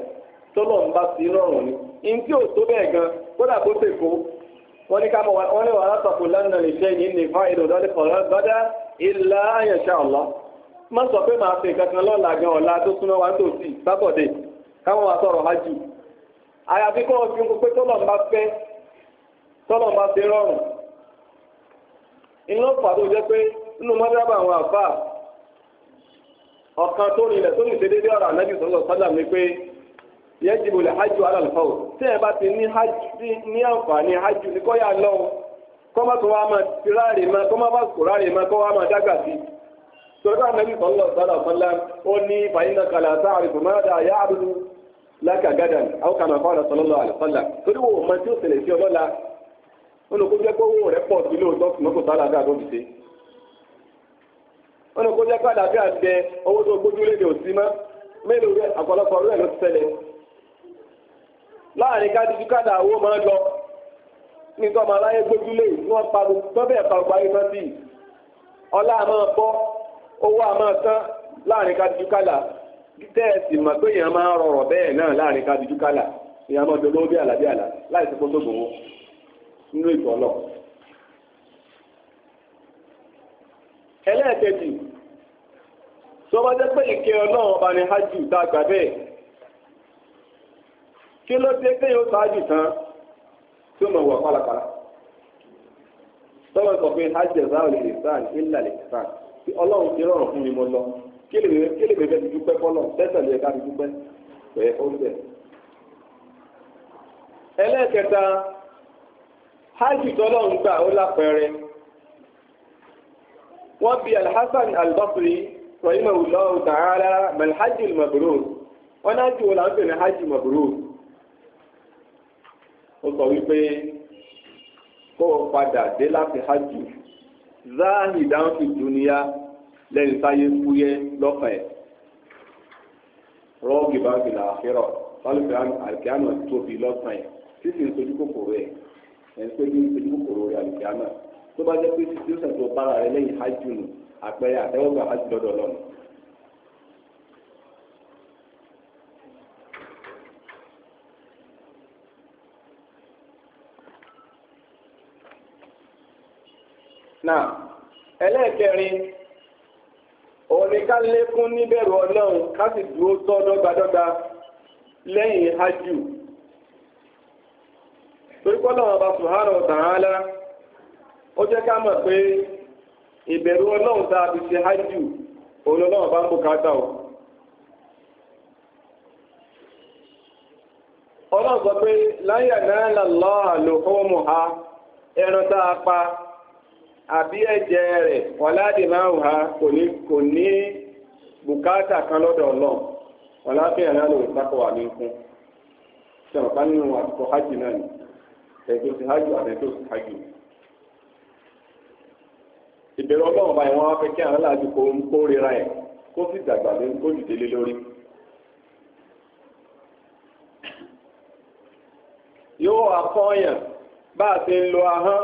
tó lè nkí ò tó bẹ́ẹ̀ gan kódà kó tè kó wọ́n ní káàmọ̀ wọ́n ní wàhálà sọ̀kù lánàá lè ṣe yìí ní fáyé lọ́dọ́ ní kọ̀ọ̀rọ̀ bọ́dá ilà ayẹ̀ṣẹ́ ọ̀lọ́ má sọ pé màá fi nǹkan kan lọ́la gan ọ̀la tó súná wa tó sì sábọ̀dé káwọn wa sọ̀rọ̀ àyàfi kọ́ fi pé rọrùn iná fà tó jẹ́ pé nínú àwọn àfà ọ̀kan tó tó déédéé ọ̀rọ̀ yẹ́jìbò lè hajj alàlùfáà o tí ẹ bá ti ní hajj ní àǹfààní hajj ní kọ́ yà lọ o kọ́ má tó wá máa tiráre máa kọ́ má bá kóráre máa kọ́ wá máa dágbà sí. sọ́dọ̀ ànábì sọ́lọ́ sọ́lọ́ ó ní fàyínà kàlà àwọn kàmá sọlọ́lọ́ torí wo ma tí sí pọ̀ sí owó tó gbójúlé láàrin ka káàdà owó máa lọ nítorí ọmọ aláyé gbójúlé wọn pa gbogbo bẹ́ẹ̀ pa gbogbo ayé náà sí ọlá máa bọ́ owó máa tán láàrin mọ̀ pé èèyàn máa rọrọ̀ bẹ́ẹ̀ náà láàrin èèyàn máa dolówó bí àlàbí àlà láì sí nínú ìtọ́ lọ. ẹlẹ́ẹ̀kejì pé ìkẹ́ kí ló dé pé yóò sáájú tán tí ó mọ̀ wà pálapàla tọ́wọ́ sọ pé hajj ẹ̀sán lè lè sàn ilà lè sàn tí ọlọ́run ti rọrùn fún mi mo lọ kí lè bẹ̀rẹ̀ fi dúpẹ́ fọlọ́ tẹ́sán lè ká fi dúpẹ́ pé ó ń bẹ̀. ẹlẹ́ẹ̀kẹta hajj tọ́lọ́run gbà ó lápẹẹrẹ wọ́n bi alhassan albasri rahimahullahu ta'ala malhajj mabrur wọ́n náà ti wọ́n láǹfẹ̀ẹ́ ní hajj mabrur ó sọ wípé kó o padà dé láti hajj záàhì dáhùn sí dúníyà lẹ́yìn táyé fúyẹ́ lọ́fẹ̀ẹ́ rọ́ọ̀gì bá fi là àfẹ́rọ̀ lálùfẹ́ àlùkìánà tóbi lọ́fẹ̀ẹ́ títí nítorí kòkòrò ẹ̀ ẹ̀ ń pè ní nítorí kòkòrò rẹ̀ àlùkìánà tó bá jẹ́ pé títí ó sẹ̀ tó bára rẹ̀ lẹ́yìn hajj nù àpẹẹrẹ àtẹ́wọ́gbà hajj lọ́dọ̀ lọ́nà. náà ẹlẹ́ẹ̀kẹrin òun níbẹ̀rù ọlọ́run ká sì tọ́ dọ́gbadọ́gba lẹ́yìn hajj torí pọ́lọ́wọ́n ọba subhanahu ó jẹ́ ká mọ̀ pé ìbẹ̀rù ọlọ́run fi ṣe bá ń o. sọ pé àbí ẹ̀jẹ̀ rẹ̀ ọ̀làdì ha kò ní bùkátà kan lọ́dọ̀ náà ọ̀làbíyàn náà ló sákọ̀ wà ní fún nínú hajj náà ni ẹ̀jẹ̀ ti hajj àtẹ̀tẹ̀ ti hajj. ìbẹ̀rù ọlọ́run báyìí wọ́n á kí àwọn aláàjù kó ń kó rira ẹ̀ kó sì dàgbà lórí kó a ti ń lo ahọ́n.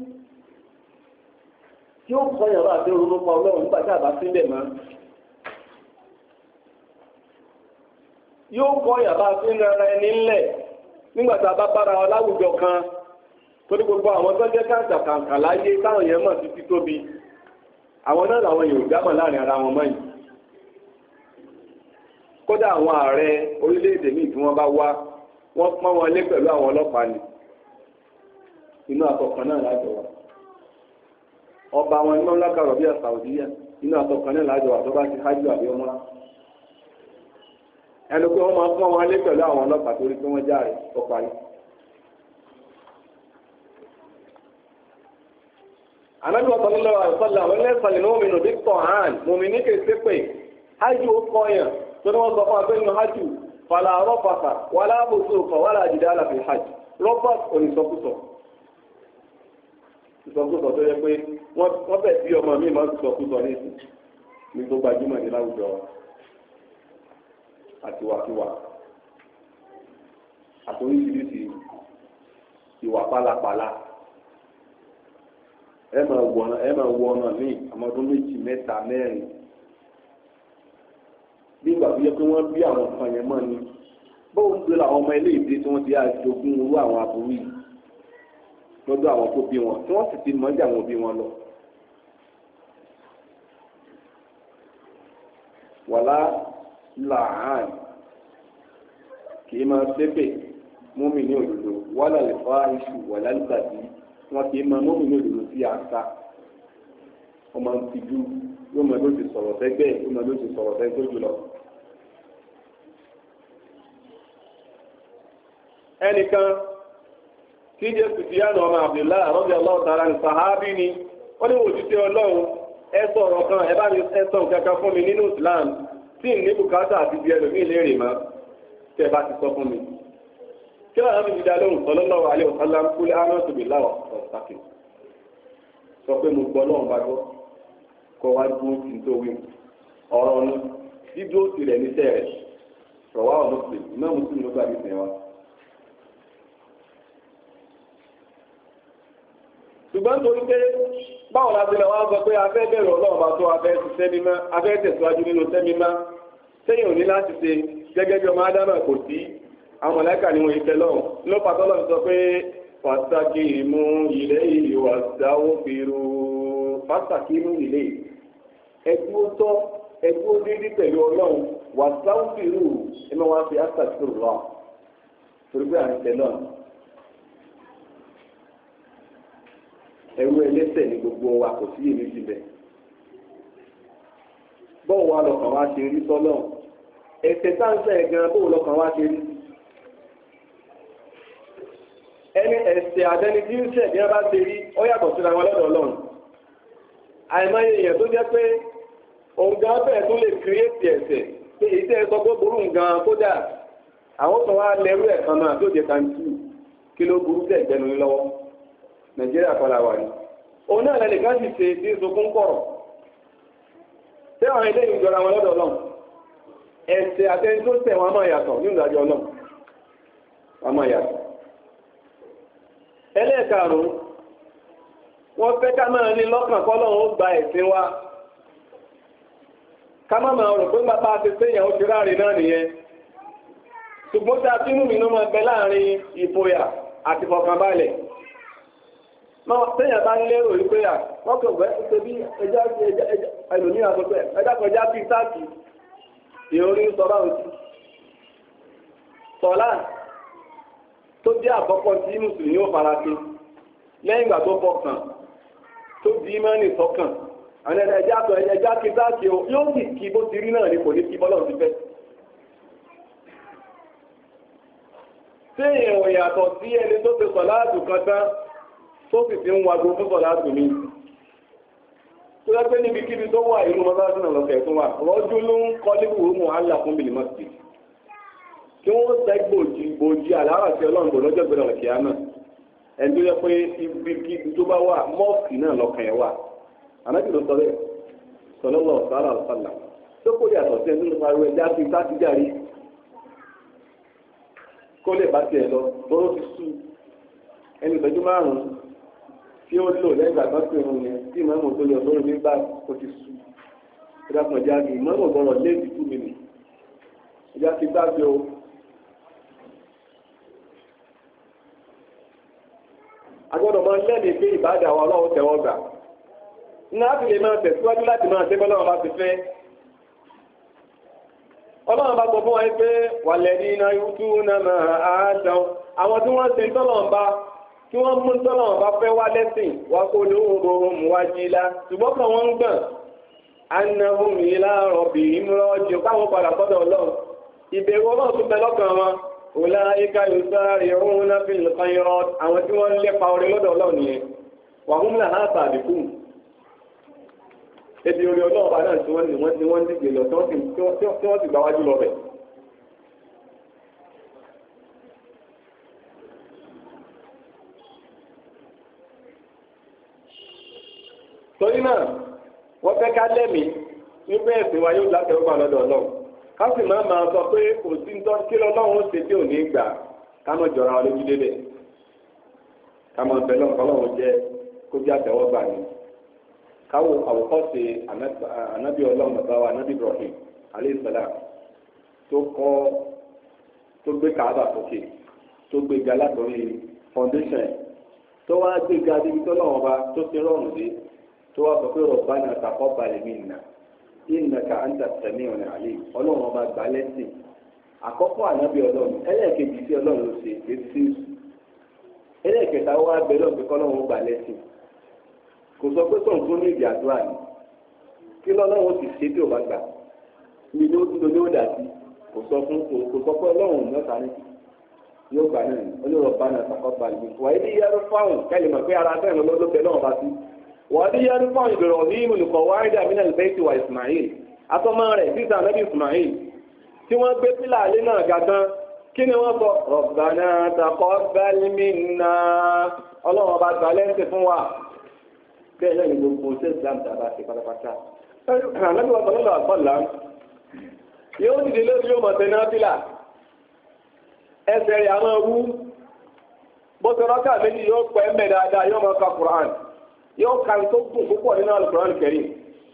tí ó kọ́ si àti orúkọ pa ọlọ́run nígbà a bá sílẹ̀ mọ́. yóò kọ́ yàrá àti nara ẹni ńlẹ̀ nígbà tá a bá bára wa láwùjọ kan torí gbogbo àwọn tó jẹ́ káàtà kàǹkà láyé táwọn yẹn mọ̀ títí ara wọn mọ́ yìí kódà àwọn ààrẹ orílẹ̀-èdè míì tí wọ́n bá wọn lé pẹ̀lú àwọn ọlọ́pàá ọba àwọn ẹni mọ́lá kàrọ̀ bíi àsàwùdíyà nínú àtọkàn náà lájọ àtọ́bá ti hájú àbí ọmọ rà ẹnu pé wọ́n máa fún wọn lé pẹ̀lú àwọn ọlọ́pàá torí pé wọ́n járe ó parí. ànábì ọ̀sán nílò àìsọ́lá àwọn ẹlẹ́sàlẹ̀ ní òmìnira bí tọ̀ hàn mòmí ní kèsì pé hájú ó kọyàn tó ní wọ́n sọ fún abẹ́nu hájú fàlà rọ́pàtà wàlá àbòsí òkàn wàlá àjìdá àlàfẹ́ hájú rọ́pàt òní sọkúsọ ìsọkúsọ tó yẹ pé wọ́n fẹ́ bí ọmọ mi máa ń sọkúsọ ní ìsìn ní tó gbajúmọ̀ ní láwùjọ àtiwàkiwà àtòríṣiríṣi ìwà pálapàla ẹ máa wọ ẹ máa wọ ọ̀nà ní àmọ́ ọdún méjì mẹ́ta mẹ́rin bí ìgbà tó yẹ pé wọ́n bí àwọn kan yẹn mọ́ ni bóun gbé làwọn ọmọ ilé ìdí tí wọ́n ti àjogún irú àwọn aburú yìí lọ́dọ̀ àwọn tó bí wọn tí wọ́n sì ti mọ̀ jà wọn bí wọn lọ. wàlá làán kì í máa ṣépè múmi ní òdodo wàlá lè fa iṣu wàlá lùbàdí wọn kì í máa múmi ní òdodo sí àṣà ọmọ tìjú yóò máa ló ti sọ̀rọ̀ sẹ́gbẹ́ yóò máa ló sọ̀rọ̀ sẹ́gbẹ́ jùlọ. ẹnìkan tí jẹ́ sùfìyàn ọmọ àbdùlá àrọ́bí ọlọ́run tààrà ní sàhábì ni ó ní òjíṣẹ́ ọlọ́run ọ̀rọ̀ kan ẹ bá mi ẹ fún mi nínú islam tí ní bukata àti bí ẹlòmíì mọ́ tẹ́ bá ti sọ fún mi. kí mi kúlẹ̀ ọ̀sàkì sọ pé mo gbọ́ kọ́ wá dúró tó rẹ̀ ṣùgbọ́n torí pé báwo la ti lọ wá sọ pé afẹ́ bẹ̀rẹ̀ ọlọ́run bá tó afẹ́ ṣiṣẹ́ mímọ́ afẹ́ tẹ̀síwájú nínú iṣẹ́ mímọ́ sẹ́yìn ò ní láti ṣe gẹ́gẹ́ bí ọmọ ádámà kò sí àwọn mọ̀lẹ́kà ni wọ́n ìfẹ́ lọ́run ló pàtó lọ́run sọ pé pàtàkì mú ilé ìwà dáwó fìrù pàtàkì mú ilé ẹgbẹ́ ó tọ́ ẹgbẹ́ ó dídí pẹ̀lú ọlọ́run wà dáwó fìrù ẹ ẹrú ẹlẹ́ṣẹ̀ ní gbogbo wa kò sí èmi síbẹ̀ bọ́ọ̀ wa lọ́kàn wa ṣe rí sọ́lọ́ ta sáńsẹ̀ gan bọ́ọ̀ lọ́kàn wa ṣe rí ẹni ẹ̀ṣẹ̀ àtẹni tí ń ṣẹ̀ bí wọ́n ṣe rí yàtọ̀ síra wọn lọ́dọ̀ Ọlọ́run àìmọye èèyàn tó jẹ́ pé òǹgá tó lè kírètì pé èyí tẹ́ ẹ sọ pé burú kódà àwọn kan wá lẹ́rú ẹ̀ tó kí ló burú nàìjíríà kan làwà ní òun náà lẹ́nì kan sì ṣe tí ìsokún kọ̀rọ̀ tí àwọn ilé ìlú jọra wọn lọ́dọ̀ náà ẹ̀sẹ̀ àtẹni tó tẹ̀ wọn máa yàtọ̀ ní ìdájọ́ náà wọn máa yàtọ̀ ẹlẹ́ẹ̀karùn-ún wọ́n fẹ́ ká máa ní lọ́kàn kọ́lọ́run ó gba ẹ̀sìn wa ká má máa rò pé bàbá ti séyàn ó ti ráre náà nìyẹn ṣùgbọ́n tá a tínú mi ló máa bẹ láàrin ìfòyà àti fọkànbalẹ̀ mọ téèyàn bá ń lérò wípé à wọ́n kò bẹ́ ṣe bí ẹja ẹlòmíràn àkọsẹ ẹja kọjá bíi táàkì ìròrí sọlá òsì sọlá tó jẹ́ àkọ́kọ́ tí mùsùlùmí ò farasin lẹ́yìn ìgbà tó fọkàn tó di mẹ́rin tó kí yóò sì kí bó ti rí náà ni kò tó sì fi ń wago fún sọ̀dá tùmí tó yẹ pé níbi kíbi tó wà inú mọ́sálásí náà lọ́sẹ̀ fún wa rọ́jú ló ń kọ́ ní wòó mọ̀ hálà fún bìlì mọ́sí kí wọ́n sẹ́ gbòòjì gbòòjì àlàáfíà ọlọ́run lọ́jọ́ gbẹ̀rẹ̀ ọ̀kìá náà ẹni tó yẹ pé ibi kíbi tó bá wà mọ́ọ̀sì náà lọ́kàn ẹ̀ wà ànájú ló sọ bẹ́ẹ̀ sọlọ́wọ́ sàrà ọ̀sàlà tó kó yàtọ̀ sí ẹni tó pariwo ẹja fi sáti jáde kó lè bá tiẹ̀ lọ bọ́rọ̀ ti sú ẹni ìtọ́jú márùn-ún tí ó lò lẹ́gbàá tó pè wọn yẹn tí ìmọ̀ ìmọ̀ tó lọ lórí nígbà kò ti sùn ìdàpọ̀ jáde ìmọ̀ ìmọ̀ gbọ́dọ̀ lé ìdìtú mi nì ìjà ti gbàgbé o. agbọ́dọ̀ máa lẹ́mìí pé ìbáàdà àwọn ọlọ́run tẹ̀wọ́ gbà ní a fi lè máa tẹ̀síwájú láti máa tẹ́ bọ́lọ́run bá ti fẹ́ ọlọ́run bá gbọ́ fún wa pé wàlẹ́ ní iná yútú náà máa kí wọ́n mú tọ́lọ̀ wọn bá fẹ́ wá lẹ́sìn wá kó lóhùn rohùn wájú la ṣùgbọ́n kan wọ́n ń gbọ̀n anahum ila rabbihim raji káwọn padà sọ́dọ̀ ọlọ́run ìbẹ̀rù ọlọ́run tún bẹ lọ́kàn wọn ulaika yusari'una fil khayrat àwọn tí wọ́n ń lépa orí lọ́dọ̀ ọlọ́run nìyẹn wa hum laha sabiqun ebi orí ọlọ́run bá náà tí wọ́n ti wọ́n ti gbè lọ tí wọ́n ti gbà lọ bẹ̀. torí náà wọ́n fẹ́ ká lẹ́mìí wípé ẹ̀sìn wa yóò láti ọgbà lọ́dọ̀ ọlọ́run ká sì má máa sọ pé kò sí kí lọ́lọ́run ó ṣe tí ò ní gbà ká mọ̀ jọra wa lójú débẹ̀ ká mọ̀ bẹ́ẹ̀ lọ́nkọ́ lọ́run jẹ́ kó bí àtẹ̀wọ́gbà ni káwọ àwòkọ́ṣe ànábì ọlọ́run bàbá wa ànábì Ibrahim alayhi tó kọ́ tó gbé foundation tó wá gbé ga débi tó lọ́wọ́ bá tó wá sọ pé minna innaka anta as 'alim ọlọ́run ọba gbà lẹ́sìn àkọ́kọ́ ànábì ọlọ́run ẹlẹ́ẹ̀kejì sí ọlọ́run ló ṣe èké sí ẹlẹ́ẹ̀kẹta wá bẹ pé kọ́lọ́run gbà lẹ́sìn kò sọ pé tó ní ìdí àdúrà ni kí lọ́lọ́run ti ṣe tí bá gbà ní ló sí kò wọ́n yẹ rúkọ̀ Ibrahim olùkọ̀wáìdà min al-bayt wa Ismail atọ́mọ rẹ̀ sísà nẹ́bí Ismail tí wọ́n gbé sílà alé náà gàdán kí ni wọ́n sọ Rabbana taqabbal minna ọlọ́run ọba gbà lẹ́sìn fún wa bẹ́ẹ̀ náà ni gbogbo ṣé Islam dàbà ṣe pátápátá ànábì wọn sọlọ́lọ́ àgbọ̀lá yóò dìde lórí yóò mọ̀ sẹ́ni ábílà ẹsẹ̀ rẹ̀ àwọn ewu bó yóò ka tó gùn púpọ̀ nínú Al-Qur'an Karim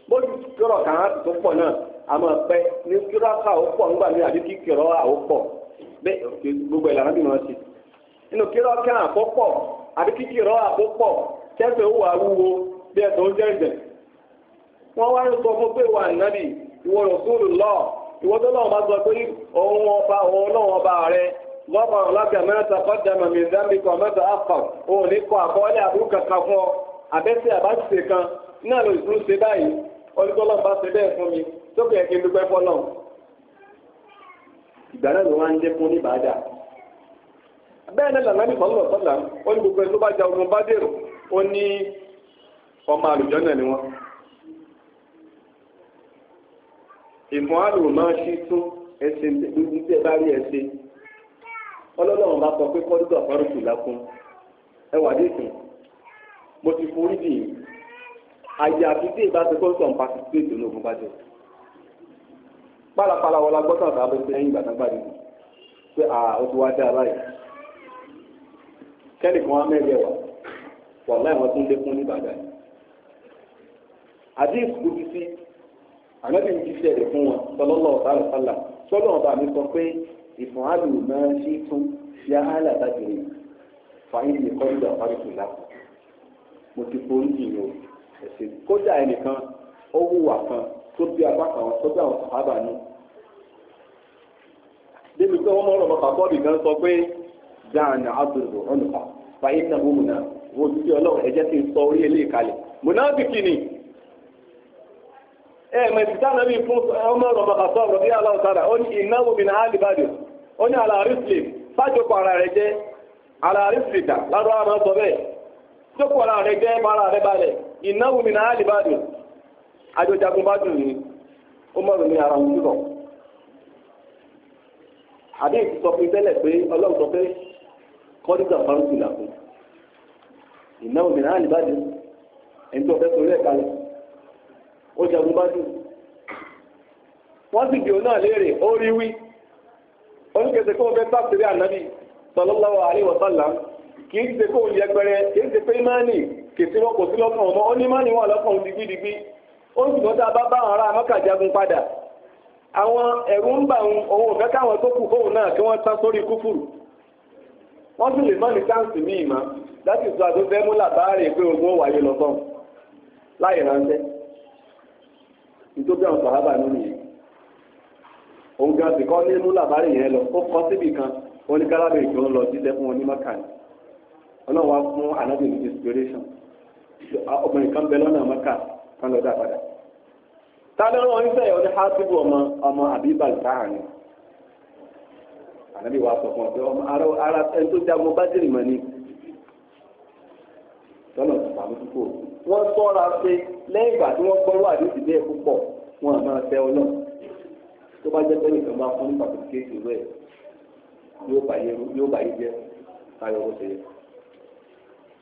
bójú kírọ̀ kàn tó pọ̀ náà àmọ́ pẹ́ ní kírọ̀ ká ó pọ̀ nígbà mí àbí kí kírọ̀ ó pọ̀ bẹ́ẹ̀ gbogbo ìlànà bí wọ́n ti inú kírọ̀ kàn án pọ̀ àbí kí pọ̀ tẹ́sẹ̀ ó wà wúwo bí ó jẹ́jẹ̀ wọ́n wá ń sọ fún pé wà nábì ìwọ ìwọ tó lọ́wọ́ bá sọ pé àbẹ́sẹ̀ àbáṣe kan náà ló ìdúró ṣe báyìí ọdún bá ṣe bẹ́ẹ̀ fún mi sókè ẹ̀ kí n dúpẹ́ fọ́nà ìgbà náà ló wá ń jẹ́ fún oníbàádà bẹ́ẹ̀ náà lànà nípa ọlọ́ sọ́là ó ní gbogbo ẹ̀ tó bá ja ogun bá dèrò ó ní ọmọ àlùjọ náà ni wọ́n ìmọ̀ àlùmọ́ máa ṣí tún ẹsẹ̀ ní tẹ́ bá rí ẹsẹ̀ ọlọ́lọ́run bá sọ pé kọ́dúdọ̀ fọ́rùkù lákún ẹwà dé sùn mo ti forí dì í àyè àfitì ìbáṣepọ̀ sọ̀n pàṣípéètì ní ogun bàjẹ́ pálapàla wọlá gbọ́dọ̀ àtàwọn abẹ́gbẹ́ lẹ́yìn ìgbà tágbà dìbò pé à ó ti wá dé aláì kẹ́lì kan wá mẹ́rin ẹ̀wà wà láì wọn tún lékún ní bàdà yìí àdéhùn kò ti sí ànábì ń jíṣẹ́ rẹ̀ fún wọn sọlọ́lọ́ ọ̀tá àlùfàlà sọ́dọ̀ ọba mi sọ pé ìfọ̀n àlù máa ń ṣe tún fi áhàlà dájú mo ti forí jìnnà ẹ̀sìn kódà ẹnìkan ó wùwà kan tó bí apá kan tó bí àwọn ní. débi pé wọ́n mọ̀ ọ́rọ̀ bàbá sọ pé dáhùn àbùrù ọ̀nùfà fàyè náà wọ́n múná wọ́n ti ọlọ́run ẹ̀jẹ̀ ti sọ orí kalẹ̀ ni ẹ fún ọmọ bàbá bí ó ní ìnáwó mi náà ó ní ara dà sọ jókòó ara rẹ jẹ́ mara rẹ balẹ̀ ìnáwó mi náà àlìbádùn àjọjagun bá dùn ní ó mọ̀rọ̀ ní ara òun túbọ̀. àbí sọ tẹ́lẹ̀ pé ọlọ́run sọ pé kọ́dígà fárúkì làkún ìnáwó mi náà àlìbádùn ẹni tó fẹ́ sórí ẹ̀ kalẹ̀ ó jagun bá dùn. wọ́n sì náà léèrè ó rí wí oníkẹsẹ̀ kí wọ́n fẹ́ ànábì kì í ṣe kó o yẹpẹrẹ kì í ṣe pé imáni kìtì wọn kò sí lọ́kàn ọmọ ó ní imáni wọn lọ́kàn digbidigbi ó ń ṣùgbọ́n tá a bá bá àwọn ará amọ́kàjagun padà àwọn ẹ̀rù ń bà òun òun òfẹ́ káwọn tó kù fóun náà kí wọ́n sá sórí kúfùrù wọ́n sì lè má ní sáǹsì míì mọ́ láti sọ àtúnfẹ́ mú làbáàrè pé ogun wáyé lọ́kàn láì ránṣẹ́ nítorí àwọn sàhábà nínú yìí òun gan sì kọ́ lọ ó kọ́ síbì kan oníkálábẹ̀ ìjọ ń ọlọ́run wá fún anábì ní inspiration ọmọ nǹkan bẹ lọ́nà mọ́kà kan lọ́dà padà ta ló rán oníṣẹ́ ìyọ̀ ní hásìbù ọmọ ọmọ àbíbàl sáàrin anábì wá sọ fún ọ pé ọmọ ara ẹni tó jagun bá jìrì mọ́ ni lọ́nà ìgbà ló dúpọ̀ wọ́n sọ́ra pé lẹ́yìn ìgbà tí wọ́n gbọ́rọ̀ àdéhùn bẹ́ẹ̀ púpọ̀ wọn àmọ́ ẹgbẹ́ ọlọ́run tó bá jẹ́ pé nìkan bá fún ní pàtàkì kéèkì rẹ̀ yóò bàyé jẹ́ káyọ̀ ó ṣe yẹ.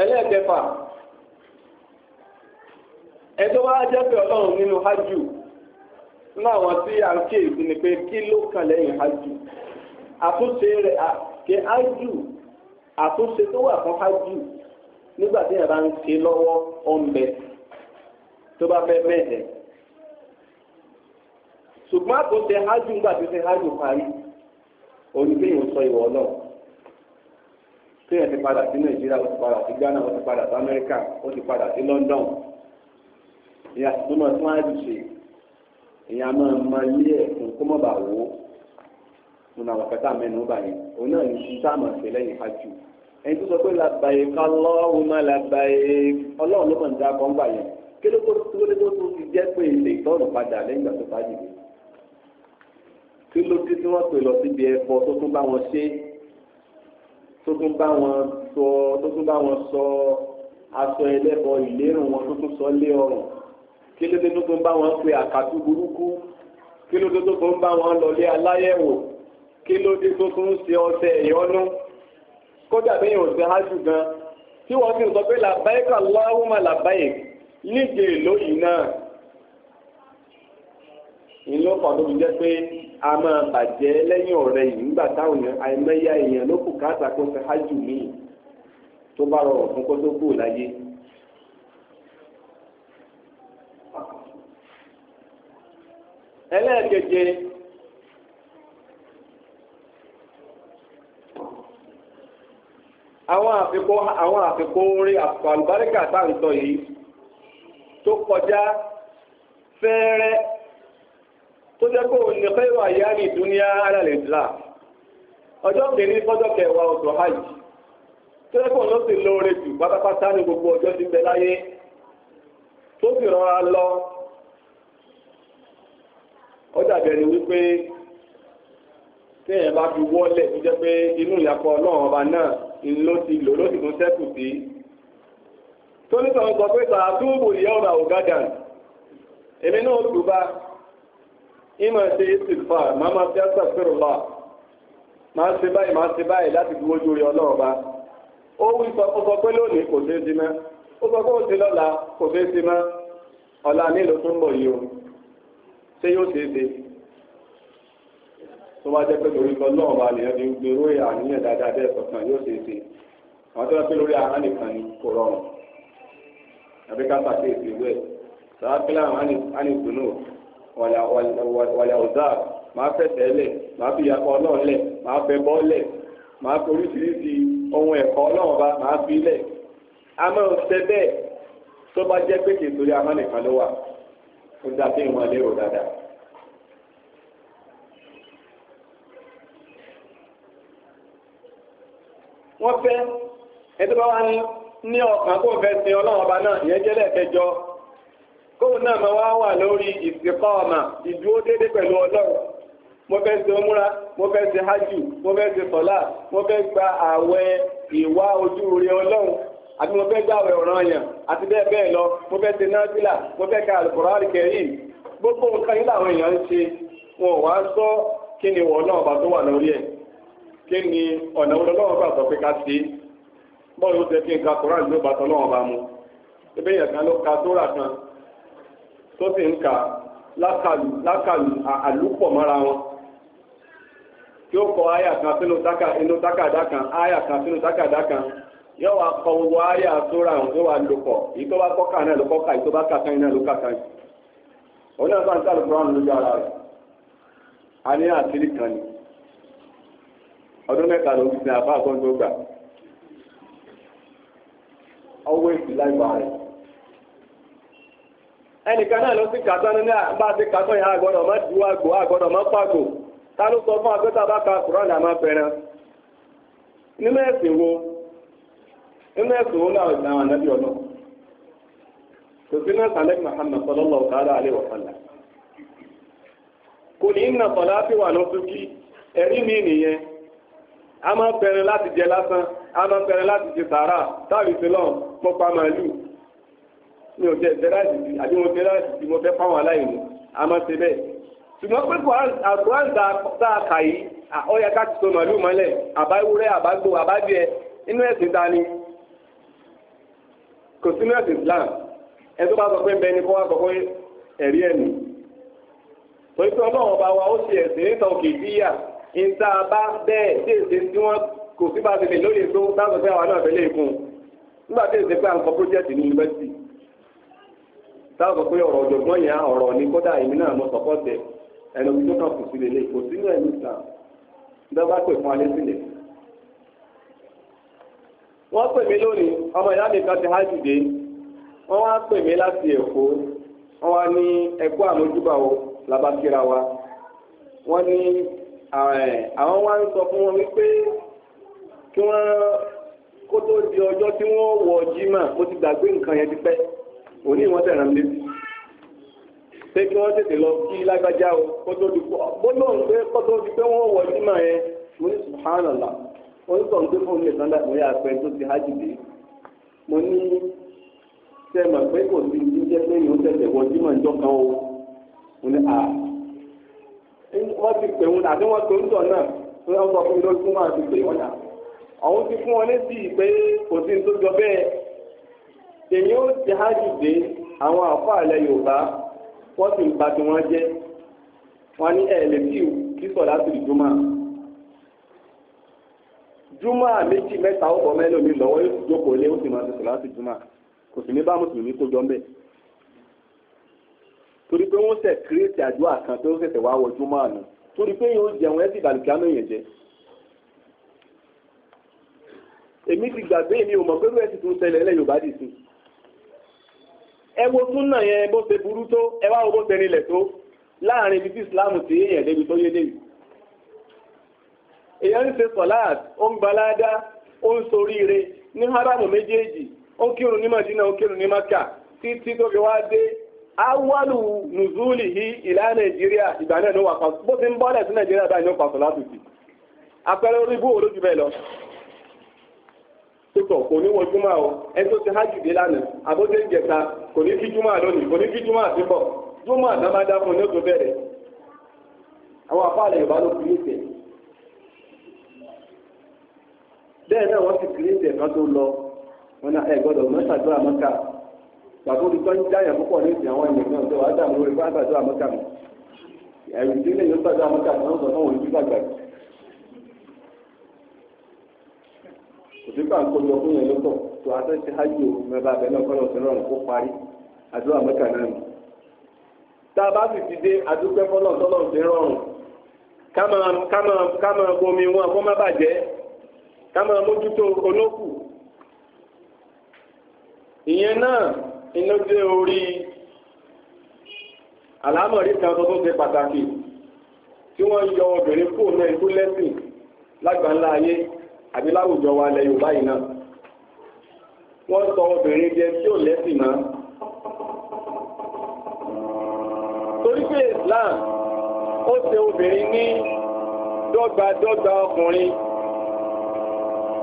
ẹlẹ́ẹ̀kẹfà ẹjọ́ wá jẹ́ pé ọlọ́run nínú hajj nínú àwọn tí a ń kíyèsí ni pé kí ló kàn lẹ́yìn hajj àtúnṣe rẹ̀ kí hajj àtúnṣe tó wà fún hajj nígbà tí yàrá ń ṣe lọ́wọ́ ọ̀nbẹ tó bá fẹ́ mẹ́ẹ̀ẹ́ ṣùgbọ́n àtúnṣe hajj nígbà tí ṣe hajj parí òní bí yóò sọ ìwọ náà téèyàn ti padà sí nàìjíríà ó ti padà sí ghana ó ti padà sí amẹ́ríkà o ti padà sí london ìyá tó máa tún àìsí ṣe ìyá máa ma yí ẹ̀sùn kó má bàa wò ó mo nà wọ́n kẹta mẹ́nu bá yẹn òun náà ní ti sáà máa ṣe lẹ́yìn hajj ẹni tó sọ pé làbàyè ká lọ́wọ́ má làbàyè ọlọ́run ló máa ń dáa kọ́ńbà yẹn kí ló kó tó lé tó tó ti jẹ́ pé ilé ìtọ́nù padà lẹ́yìn ìgbà tó bá dìde kí ló dé tí wọ́n pè lọ síbi ẹ̀fọ́ tó tún bá wọn ṣe tó tún bá wọn sọ tó tún bá wọn sọ aṣọ ẹlẹ́bọ ìlérùn wọn tó tún sọ lé ọrùn kí ló dé tó tún bá wọn pe àkàtú burúkú kí ló dé tó tún bá wọn lọlé aláyẹ̀wò kí ló dé tó tún ṣe ọṣẹ ìyọnu kódà bí yóò ṣe hájú gan tí wọ́n ti sọ pé làbáyéka láwùmá làbáyé níje lóyìn náà ìlú kan tó fi jẹ́ pé a máa bàjẹ́ lẹ́yìn ọ̀rẹ́ yìí nígbà táwọn àìmẹ́yà èèyàn ló kù káàtà kó fẹ́ hájù míì tó bá rọrùn fún kó tó kù láyé. ẹlẹ́ẹ̀keje àwọn àfikún àwọn àfikún yìí tó tó jẹ́ kó ní kẹ́rọ àyárí ìdúnyá alàlẹ̀ ìdílà ọjọ́ kìíní fọ́jọ́ kẹwàá oṣù hajj tó jẹ́ kó ló sì lóore jù pátápátá ní gbogbo ọjọ́ tí ń bẹ láyé tó sì rọra lọ ọjà bẹ̀rẹ̀ wípé téèyàn bá fi wọ́lẹ̀ tó jẹ́ pé inú ìyàpọ̀ ọba náà ló ti lò ló sì tún sẹ́kù sí tó ní sọ̀rọ̀ sọ pé sàtúbù ìyá ọ̀nà ògádàn èmi náà dùbà ìmọ̀ ṣe ìsìnfà máa máa fi àṣà fẹ́rù lọ máa ṣe báyìí ma ṣe báyìí láti fi wojú rí ó wí sọ pé lónìí kò ṣeé ṣe mọ́ ó sọ pé ó ṣe lọ́la kò ṣeé ṣe mọ́ ọ̀la tó ń bọ̀ yìí o ṣé yóò ṣeé ṣe tó bá jẹ́ pé lórí sọ lọ́ọ̀ba nìyẹn ń gbé orí àníyàn dáadáa bẹ́ẹ̀ sọ̀kan yóò ṣe àwọn tó bá pé lórí ni kò rọrùn àbíká pàṣẹ ìṣèlú ẹ̀ wàlẹ̀ ọ̀dà máa fẹsẹ̀ lẹ̀ máa fi ìyàpọ̀ náà lẹ̀ máa fẹ bọ́ lẹ̀ máa fi oríṣiríṣi ohun ẹ̀kọ́ náà bá máa fi lẹ̀ a máa ń ṣe bẹ́ẹ̀ tó bá jẹ́ pé kìí torí amánìkan ló wà ó dá sí ìwọ̀n lérò dáadáa. wọ́n fẹ́ ẹni tó bá wá ní ọkàn tó fẹ́ sin ọlọ́run ọba náà ìyẹn jẹ́ lẹ́ẹ̀kẹjọ kóun náà máa wá wà lórí ìsìnkọ́ọ̀mà ìdúró dédé pẹ̀lú ọlọ́run mo fẹ́ ṣe múra mo fẹ́ ṣe hajj mo fẹ́ ṣe sọ́lá mo fẹ́ gba àwẹ̀ ìwà ojú rere ọlọ́run àti mo fẹ́ gba ọ̀ràn yàn àti bẹ́ẹ̀ bẹ́ẹ̀ lọ mo fẹ́ ṣe mo fẹ́ ka gbogbo nǹkan yìí làwọn èèyàn ń ṣe wọn sọ kí ni náà bá tó wà lórí kí ni ọ̀nà bá sọ pé ká ṣe bọ́ọ̀lù ó kí n ka kùránì bá mu tó sì ń ka lákàlù àlùpọ̀ mọ́ra wọn kí ó kọ àyà kan sínú tákàdá kan àyà kan sínú tákàdá kan yóò wá kọ gbogbo àyà sóra àwọn tó wà lò èyí tó bá kọ́kà náà ló kọ́kà èyí tó bá kàkà náà ló kàkà yìí òun náà bá ara rẹ̀ ẹnìkan náà lọ ti kàtọ́ nínú àgbà ti kàtọ́ yẹn àgbọ̀dọ̀ mọ́ ju àgbò pàgò ta sọ fún agbẹ́ta bá ka ma àmọ́ fẹ́ràn nínú ẹ̀sìn wo wo na ìlànà ànábì ọ̀nà kò sí náà sàlẹ̀ Muhammad sallallahu ta'ala alaihi wa kò ní wà ẹ̀rí mi nìyẹn a máa fẹ́ràn láti jẹ lásán mi ò jẹ́ ìfẹ́ráàdì bí àbí mo fẹ́ráàdì bí mo fẹ́ fáwọn aláìní a máa ṣe bẹ́ẹ̀ ṣùgbọ́n pé àkùrán tá a kà yìí ó yẹ ká ti so màálù mọ́lẹ̀ àbáwúrẹ́ àbágbó àbádìẹ inú ẹ̀sìn ta ni kò sínú ẹ̀sìn Islam ẹ tó bá sọ pé bẹ́ẹ̀ ni kó wá sọ pé ẹ̀rí ẹ̀mí torí pé ọlọ́run ọba wa ó ṣe ẹ̀sìn nítorí kì í níta bá bẹ́ẹ̀ tí èsì tí wọ́n kò sí bá ti lè lóye tó bá sọ àwọn náà fẹ́ nígbà tí èsì pé à ń kọ́ pírójẹ́tì ní yunifásitì táwọn pé ọ̀rọ̀ ọ̀jọ̀gbọ́n yẹn ọ̀rọ̀ ní kódà èmi náà ẹnu tó kàn kù sí lélẹ̀ kò pè fún alẹ́ sílẹ̀. wọ́n pè mí lónìí ọmọ ìyá mi kan ti hájú wọ́n wá pè mí láti Èkó ẹ̀kọ́ àmójúbà wa wọ́n ní àwọn wá ń sọ fún wọn wípé kí wọ́n kó tó di tí wọ́n wọ ó ti gbàgbé nǹkan yẹn òní wọn tẹ̀ràn lé pé kí wọ́n tètè lọ kí lágbájá o kótó di pé bọ́lọ̀ ń pé kótó di pé wọ́n wọ ìmọ̀ yẹn mo ní subhanallah ó ń sọ ń pé fún mi nìkan dàgbé àpẹ tó ti hájì dé mo ní tẹ́ mọ̀ pé kò sí ní jẹ́ pé yóò tẹ̀tẹ̀ wọ ìmọ̀ ìjọ kan o mo ní à wọ́n ti pè wọn àti wọ́n pè ń tọ̀ náà wọ́n sọ fún mi lójú fún wọn àti pè wọn náà àwọn ti fún wọn létí pé kò sí ní tó jọ bẹ́ẹ̀ èyí ó ti hájì dé àwọn àfọ àlẹ yorùbá wọ́n sì ń ba tí wọ́n jẹ́ wọ́n ní ẹ̀ẹ́lẹ́tìw kí sọ̀dá sì rí júmọ́ júmọ́ méjì mẹ́ta ó bọ̀ mẹ́lò mi lọ́wọ́ yóò jókòó lé ó sì máa sọ̀dá sì júmọ́ kò sì ní bá mùsùlùmí kó jọ ń bẹ̀ torí pé wọ́n sẹ̀ kírètì àdúrà kan tó ṣẹ̀ṣẹ̀ wá wọ júmọ́ àná torí pé yóò jẹun ẹ́ sì dàlùkí àná yẹn jẹ́ èmi ti gbàgbé mi ò mọ̀ pé bẹ́ẹ̀ sì tún ṣẹlẹ̀ ẹlẹ́yìn ò dì sí i ẹ wo súnà yẹn bó ṣe burú tó ẹwà wá wo bó tó láàrin ibi tí ìsìláàmù ti yéèyàn débi tó yé débi ń ṣe sọ̀láàt ó ń ó ń soríire ní haramu méjèèjì ó kírun awalu ìlà nàìjíríà ìgbà náà ló wà pa bó ti ń bọ́lẹ̀ sí nàìjíríà báyìí ló pa sọ̀láàtù sí tó tọ̀ kò ní wọ júmọ́ o ẹni tó ti hajj dé lánàá àbójú ìjẹta kò ní kí júmọ́ lónìí kò ní kí júmọ́ àti bọ̀ júmọ́ àdámadá fún ní oṣù bẹ̀rẹ̀ àwọn afáàlẹ̀ yorùbá ló fi níṣẹ́ bẹ́ẹ̀ náà wọ́n ti kiri ìṣẹ̀ kan tó lọ wọn náà ẹ gbọ́dọ̀ mọ́tàdúrà mọ́kà gbàgbọ́ orí tó ń jáyà púpọ̀ ní ìsìn àwọn ènìyàn náà tó wàá dààmú orí fún àgbàdo àmọ́kà mi ẹ̀rù ìdílé yóò gbàgbọ́ àmọ́kà tó ń sọ fún òun ìdígbàgbà nígbà kọjọ fún yẹn lọ́tọ̀ tó àtẹ ti hajj o mẹba abẹ náà kọlọ sọ̀rọ̀ kó parí àdúrà mẹ́ta náà nù. tá a bá sì ti dé àdúpẹ́ kọlọ sọlọ ti rọrùn kámà kámà kámà bomi wọn kó má bàjẹ́ kámà mójútó olókù. ìyẹn náà iná dé orí àlámọ̀rí kan tó tó ṣe pàtàkì tí wọ́n yọ obìnrin kúrò náà ikú lẹ́sìn lágbàńlá ayé. àbí láwùjọ wa lẹ Yorùbá náà wọ́n sọ obìnrin jẹ tí ò lẹ́sìn na. torí pé Islam ó se obìnrin ní dọ́gbadọ́gba ọkùnrin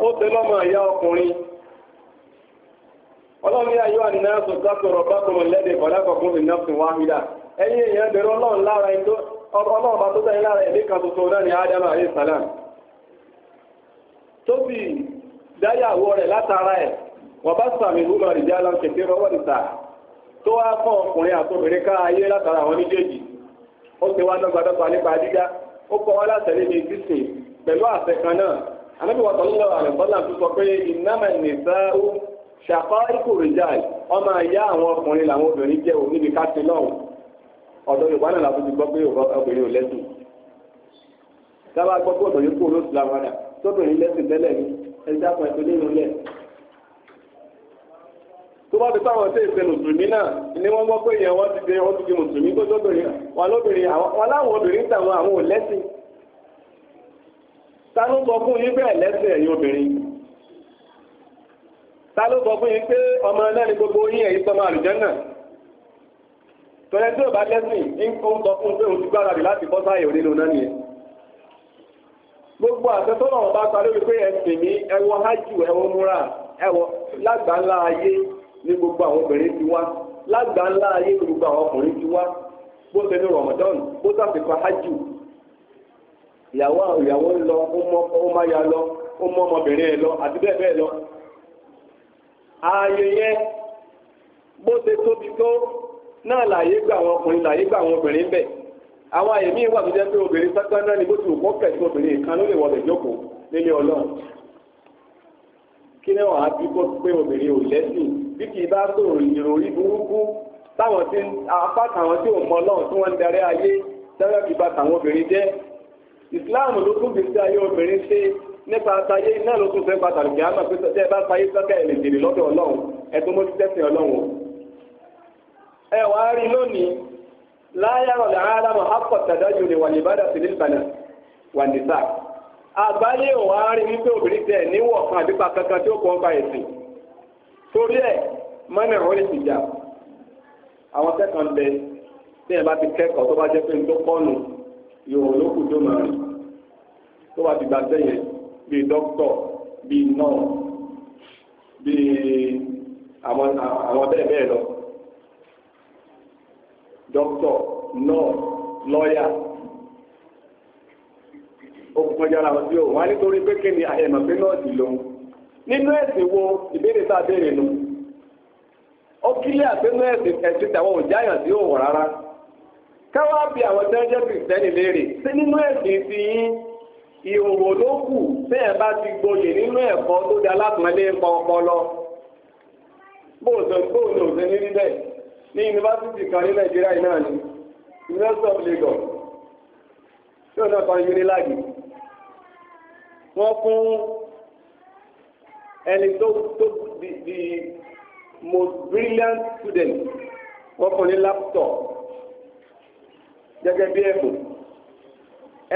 ó ṣe lọ́mọ àyà ọkùnrin ọlọ́run ní ayọ́ àdínà sọ̀tàkùrọ̀ bákùnrin lẹ́dẹ̀ fọ̀dákọ̀kún èèyàn bẹ̀rẹ̀ ọlọ́run lára ọlọ́run bá tó lára náà àyè sàlám tó sì dáyàwó rẹ̀ látara ẹ̀ wọ́n bá sàmì ìhùmọ̀ ìjà lọ kẹ̀kẹ́ rọwọ́ nìta tó wá fún ọkùnrin àtòbìnrin ká ayé látara àwọn méjèèjì ó ti wá dọ́gbadọ́gba nípa dídá ó kọ́ wá látẹ̀lé ní ìdísìn pẹ̀lú àṣẹ kan náà anábì wọ́n tọ́lọ́ àlẹ́bọ́là tó sọ pé ìnámẹ̀ nìsáú ṣàkọ́ ikú rìjáì ọmọ ìyá àwọn ọkùnrin làwọn obìnrin jẹ́ òun níbi káṣí náà ọ̀dọ̀ yorùbá náà làbójú gbọ́ pé obìnrin ò lẹ́sùn dábàá gbọ́ pé ọ̀dọ̀ yóò náà sọ́dọ̀ yìí lẹ́sìn tẹ́lẹ̀ ní ẹja kan ẹ̀tọ́ nínú lẹ̀. tó bá ti táwọn ṣe ìṣe mùsùlùmí náà ni wọ́n gbọ́ pé ìyẹn wọ́n ti di wọ́n ti di mùsùlùmí tó sọ́dọ̀ yìí wọn lóbìnrin wọn láwọn obìnrin tàwọn àwọn ò lẹ́sìn. ta ló sọ fún yín bẹ́ẹ̀ lẹ́sìn ẹ̀yin obìnrin? ta ló sọ fún yín pé ọmọ ẹlẹ́ni gbogbo yín ẹ̀yin sọmọ àlùjànnà? tọ́lẹ́ tí ò bá lẹ́sìn ń kó ń sọ fún pé òun ti gbáradì láti bọ́ gbogbo àtẹ́tọ́nà ọba parí wípé ẹ̀sìn mi ẹwọ hajj ẹwọ múra ẹwọ lágbàńlá ayé ní gbogbo àwọn obìnrin ti wá lágbàńlá ayé ní gbogbo àwọn ọkùnrin ti wá bó ṣe ní Ramadan bó hajj ìyàwó ìyàwó ń lọ ó má ya lọ ó mọ ọmọbìnrin ẹ lọ àti bẹ́ẹ̀ bẹ́ẹ̀ lọ. ààyè yẹn bó ṣe tóbi tó náà gbà àwọn ọkùnrin àwọn àyè míì wà tó jẹ́ pé obìnrin sákánná ni bó ti wù kọ́ kẹ̀sí obìnrin kan ló lè wọlé jókòó nílé ọlọ́run kí ni wàá bí kó pé obìnrin ò lẹ́sìn bí kì í bá sọ̀rọ̀ ìròrí burúkú táwọn tí apá táwọn tí ò mọ ọlọ́run tí wọ́n ń darí ayé tẹ́lẹ̀ fi bá táwọn obìnrin jẹ́ Islam ló tún fi sí ayé obìnrin ṣe nípa àtayé iná ló tún fẹ́ pàtàkì kí á máa pé tẹ́ ẹ bá sayé sọ́kẹ́ ẹ̀ lè jèrè lọ́dọ̀ ọlọ́run ẹ̀ tó mọ́ sí tẹ́sìn ọlọ́run ẹ wàá rí lónìí láyàrọ̀ làálàmù hapọ̀ tàdájú ni wà nìbàdà sí nílùbànà wà nìsà àgbáyé òun á rí wípé obìnrin tẹ̀ níwọ̀ kan àbípa kankan tí ó kọ́ ọba ẹ̀sìn torí ẹ̀ mọ́nà ìrọ̀lẹ́ ti jà àwọn kẹ́kọ̀ọ́ bẹ tí ẹ̀ bá ti kẹ́kọ̀ọ́ tó bá jẹ́ pé ń tó kọ́nù yòòrò ló kù tó máa rìn tó bá ti dókítọ̀ nọ́ọ̀sì lawyer ó kọjá ara wọn sí òun ni àyẹ̀mọ̀ pé nọ́ọ̀sì nínú ẹ̀sìn wo ìbéèrè tá a béèrè nù ó kílẹ̀ àgbẹ̀nú ẹ̀sìn ẹ̀sìn tàwọn òjáyàn sí òun rárá káwá bí àwọn tí si léèrè sí nínú ẹ̀sìn ti yín ló kù ti nínú ẹ̀kọ́ tó ń ní university kan ní nàìjíríà yìí náà ni university of Lagos tí òun náà kan unilag wọ́n fún ẹni tó tó di most brilliant student wọ́n fún ní laptop gẹ́gẹ́ bí ẹ̀kọ́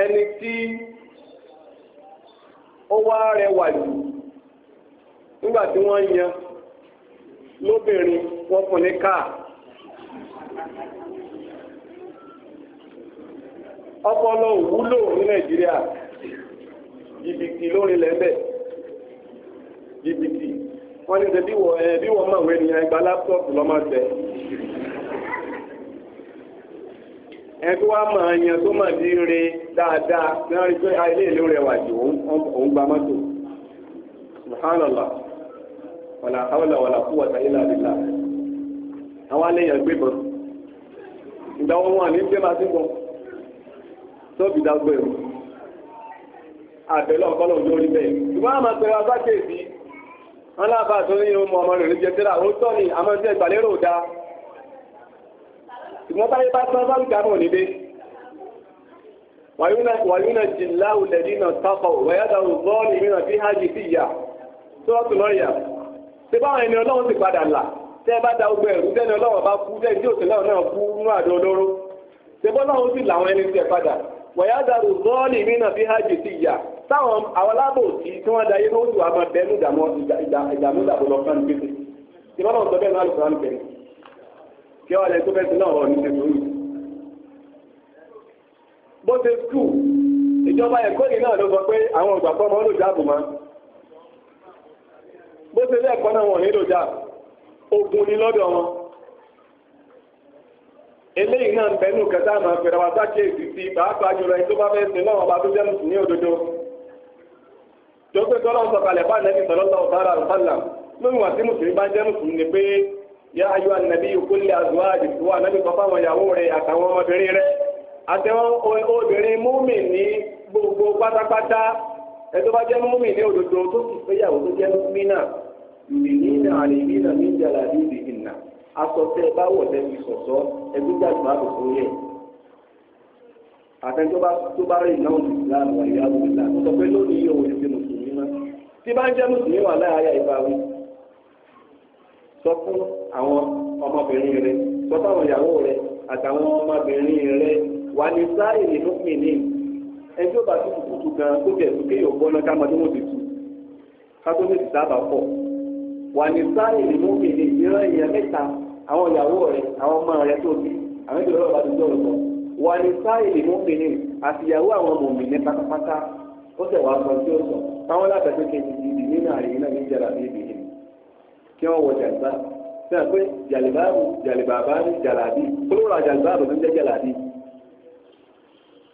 ẹni tí ó wá rẹwà jù nígbà tí wọ́n yan lóbìnrin wọ́n fún ní káà. ọpọlọ òwúlò ní nàìjíríà jìbìtì lórí lẹ́bẹ̀ jìbìtì wọ́n ní ṣe bí wọ́n mọ̀ wẹ́ nìyẹn gba lápútọ̀pù lọ́mọ tẹ ẹni wá mọ̀ ẹ̀yàn tó mọ̀ ní rí dáadáa ní pé ah, ilé ìlú rẹ̀ wà jù òun gba mọ́tò wàlà tọ́bì dágbé o àbẹ̀lẹ̀ ọ̀kọ́lọ̀ yóò bẹ́ẹ̀ ṣùgbọ́n àmà wọn láàbà tó ní ọmọ ọmọ rẹ̀ jẹ tẹ́lá ó tọ́ ni tí ẹgbà lérò dá ṣùgbọ́n báyé bá tán bá ń mọ̀ wàyúnà mìíràn hajj sí ìyà tó lọ́ọ̀yà ṣe báwọn ẹni ọlọ́run ti padà là tẹ́ bá da ogun ẹ̀rú tẹ́ni ọlọ́run bá kú tẹ́ni tí wọ̀yádàrú zọ́ọ̀lì mìíràn bí hajj ti yà táwọn àwọn alábòsí tí wọ́n dayé lóṣù àmọ́ bẹ́ẹ̀nu ìdààmú fún tí wọ́n sọ bẹ́ẹ̀ kí wọ́n lẹ tó bẹ́ẹ̀ sí náà ní ṣe sórí. bó ṣe skul ìjọba ẹ̀kọ́ yìí náà ló sọ pé àwọn ọgbà eléyìí náà ń bẹ kata kẹta àmà fèrè wá sáké ìsìsì pàápàá jùlọ ẹni tó bá fẹ́ sin lọ́wọ́ ọba tó jẹ́ mùsùlùmí òdodo tó pé tọ́lọ́ sọ̀kalẹ̀ bá nẹ́bí sọ̀lọ́sọ̀ ọ̀sára àlùfáàlà lórí wà sí mùsùlùmí bá jẹ́ mùsùlùmí ni pé yá ayú ànàbí ìkólé àzùwáàdì wà nẹ́bí pàpà àwọn ìyàwó rẹ̀ àtàwọn ọmọbìnrin rẹ̀ àtẹwọn obìnrin múmi ní gbogbo pátápátá tó bá jẹ́ múmi ní òdodo tó sì fẹ́yàwó tó jẹ́ múmi náà aṣọ tẹ ẹ bá wọ̀ lẹ́nu ìṣọ̀ṣọ́ ẹgbẹ́ gbàgbọ́ àbùkù yẹ àtẹnjọ́ bá tó bá rí ìnáwó ìsìlámù àyà àbùkùlà tó sọ pé lónìí yìí òun ti mùsùlùmí mọ́ tí bá ń jẹ́ mùsùlùmí wà láyà ìbáwí sọ fún àwọn ọmọbìnrin rẹ sọ fáwọn ìyàwó rẹ àtàwọn ọmọbìnrin rẹ wà ní sáì nínú pìnín ẹjọ́ bá tó kú tu gan kó tẹ̀ tó kéèyàn gbọ́ná ká máa tó wọ́n ti tu ká tó ní ìsáàbà pọ̀ wà ní sáì nínú pìnín ìran ìyẹn mẹ́ta àwọn ìyàwó rẹ̀ àwọn ọmọ rẹ̀ tó bí àwọn ìdílé ọlọ́ba tó dọ̀rọ̀ sọ wà ní sáìlì mọ́mìnì àti ìyàwó àwọn mọ̀mìnì pátápátá ó tẹ̀ wá sọ tí ó sọ táwọn lábẹ́pẹ́ kejì ìdí nínú àríyìn náà ní ìjàlá bí ibi yìí kí wọ́n wọ jàlibá sí àpé jàlibáàbù jàlibàbá ní jàlàbí olóòrò àjàlibáàbù ló ń jẹ́ jàlàbí.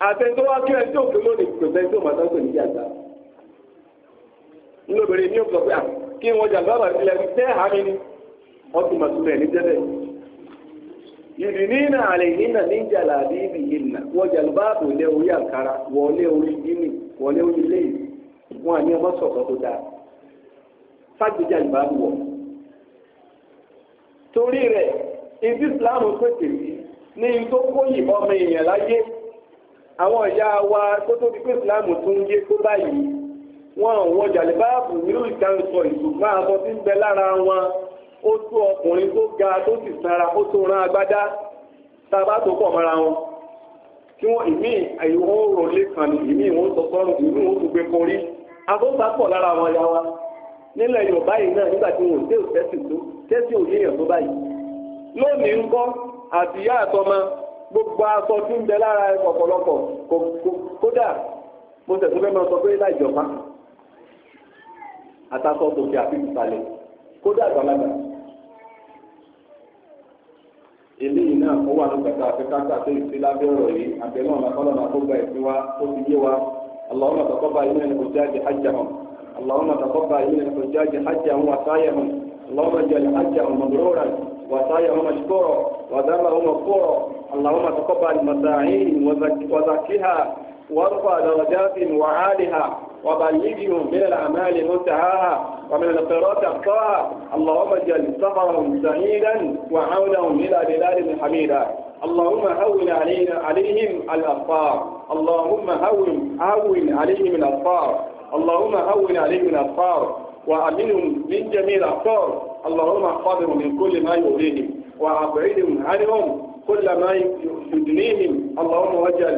àtẹ̀tọ́ wá kí ẹ tó kí lónìí kò fẹ́ tó màtá pè ní jàlibá. ńlọbìnrin ní òkùnkùn pé kí wọ́n jàlibáàbù àti ilẹ̀ wọ́n ti mọ̀ sílẹ̀ ní tẹ́lẹ̀. yìnyínná àlẹ́yìnná ní jàlábí ìbìyìnná wọ́n jàlúbáàbò lé orí àǹkárá wọlé orí gíní wọlé orí ilé wọn àní ọmọ sọ̀tọ̀ tó dáa fájú jàlúbáàbò wọ̀. torí rẹ̀ ibi ìsìláàmù pèsè sí ní tó kóyì ọmọ èèyàn láyé àwọn ìyá wa tó tóbi pé ìsìláàmù tó yé tó báyìí wọn àwọn jàlúbáàbò nírú ìtàn sọ ìṣùgbọ́n àbọ̀ tí ń bẹ lára wọn ó tó ọkùnrin tó ga tó sì sanra ó tó rán agbádá tàbá tó pọ̀ mọ́ra wọn kí wọ́n ìmí àìwọ́n rò lẹ́kàn ní ìmí wọn sọ sọ́run ìmí wọn tó gbé korí agbóbápọ̀ lára wọn ya wa nílẹ̀ Yorùbá yìí náà nígbà tí wọn ò dé òtẹ́sì tó tẹ́sì òye èèyàn tó báyìí lónìí ń kọ́ àtìyá àtọmọ gbogbo aṣọ tí ń bẹ lára ọ̀pọ̀lọpọ̀ kódà mo tẹ̀sán fẹ́ máa sọ pé láì jọ̀pá àtàkọ́ tòkè àti ìsàlẹ̀ kódà àgbàlagbà eléyìí náà ó wà ní gbàgbà àfikàtà tó ìsí lábẹ́ ọ̀rọ̀ yìí àbẹ̀ náà làkọ́lọ́ náà kó gba ìsìn wa tó fi yé wa Allahumma taqabbal minna al-hujjaji hajjahum Allahumma taqabbal minna al-hujjaji hajjahum wa sa'yahum Allahumma ij'al hajjahum mabruran wa sa'yahum mashkura wa dhamahum maghfura Allahumma taqabbal masa'ihim wa zakkiha warfa darajatihim wa 'aliha وبلغهم من الأعمال منتهاها ومن الخيرات أخطاها اللهم اجعل سفرهم سعيدا وعونهم إلى بلاد حميدة اللهم هون علينا عليهم الأخطار اللهم هون هون عليهم الأخطار اللهم هون عليهم الأخطار وأمنهم من جميع الأخطار اللهم احفظهم من كل ما يؤذيهم وأبعدهم عنهم كل ما يدنيهم اللهم وجه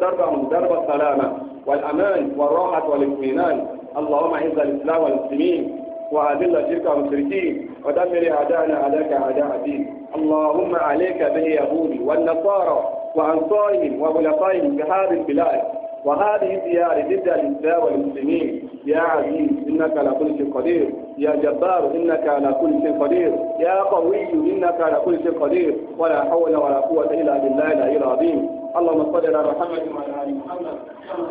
دربهم درب السلامة والأمان والراحة والاطمئنان اللهم اعز الإسلام والمسلمين وأذل الشرك والمشركين ودمر أعداءنا أعداءك أعداء الدين اللهم عليك باليهود والنصارى وأنصارهم في هذه البلاد وهذه الديار ضد الإسلام والمسلمين يا عزيز إنك على كل شيء قدير يا جبار إنك على كل شيء قدير يا قوي إنك على كل شيء قدير ولا حول ولا قوة إلا بالله العلي العظيم اللهم صل على محمد وعلى آل محمد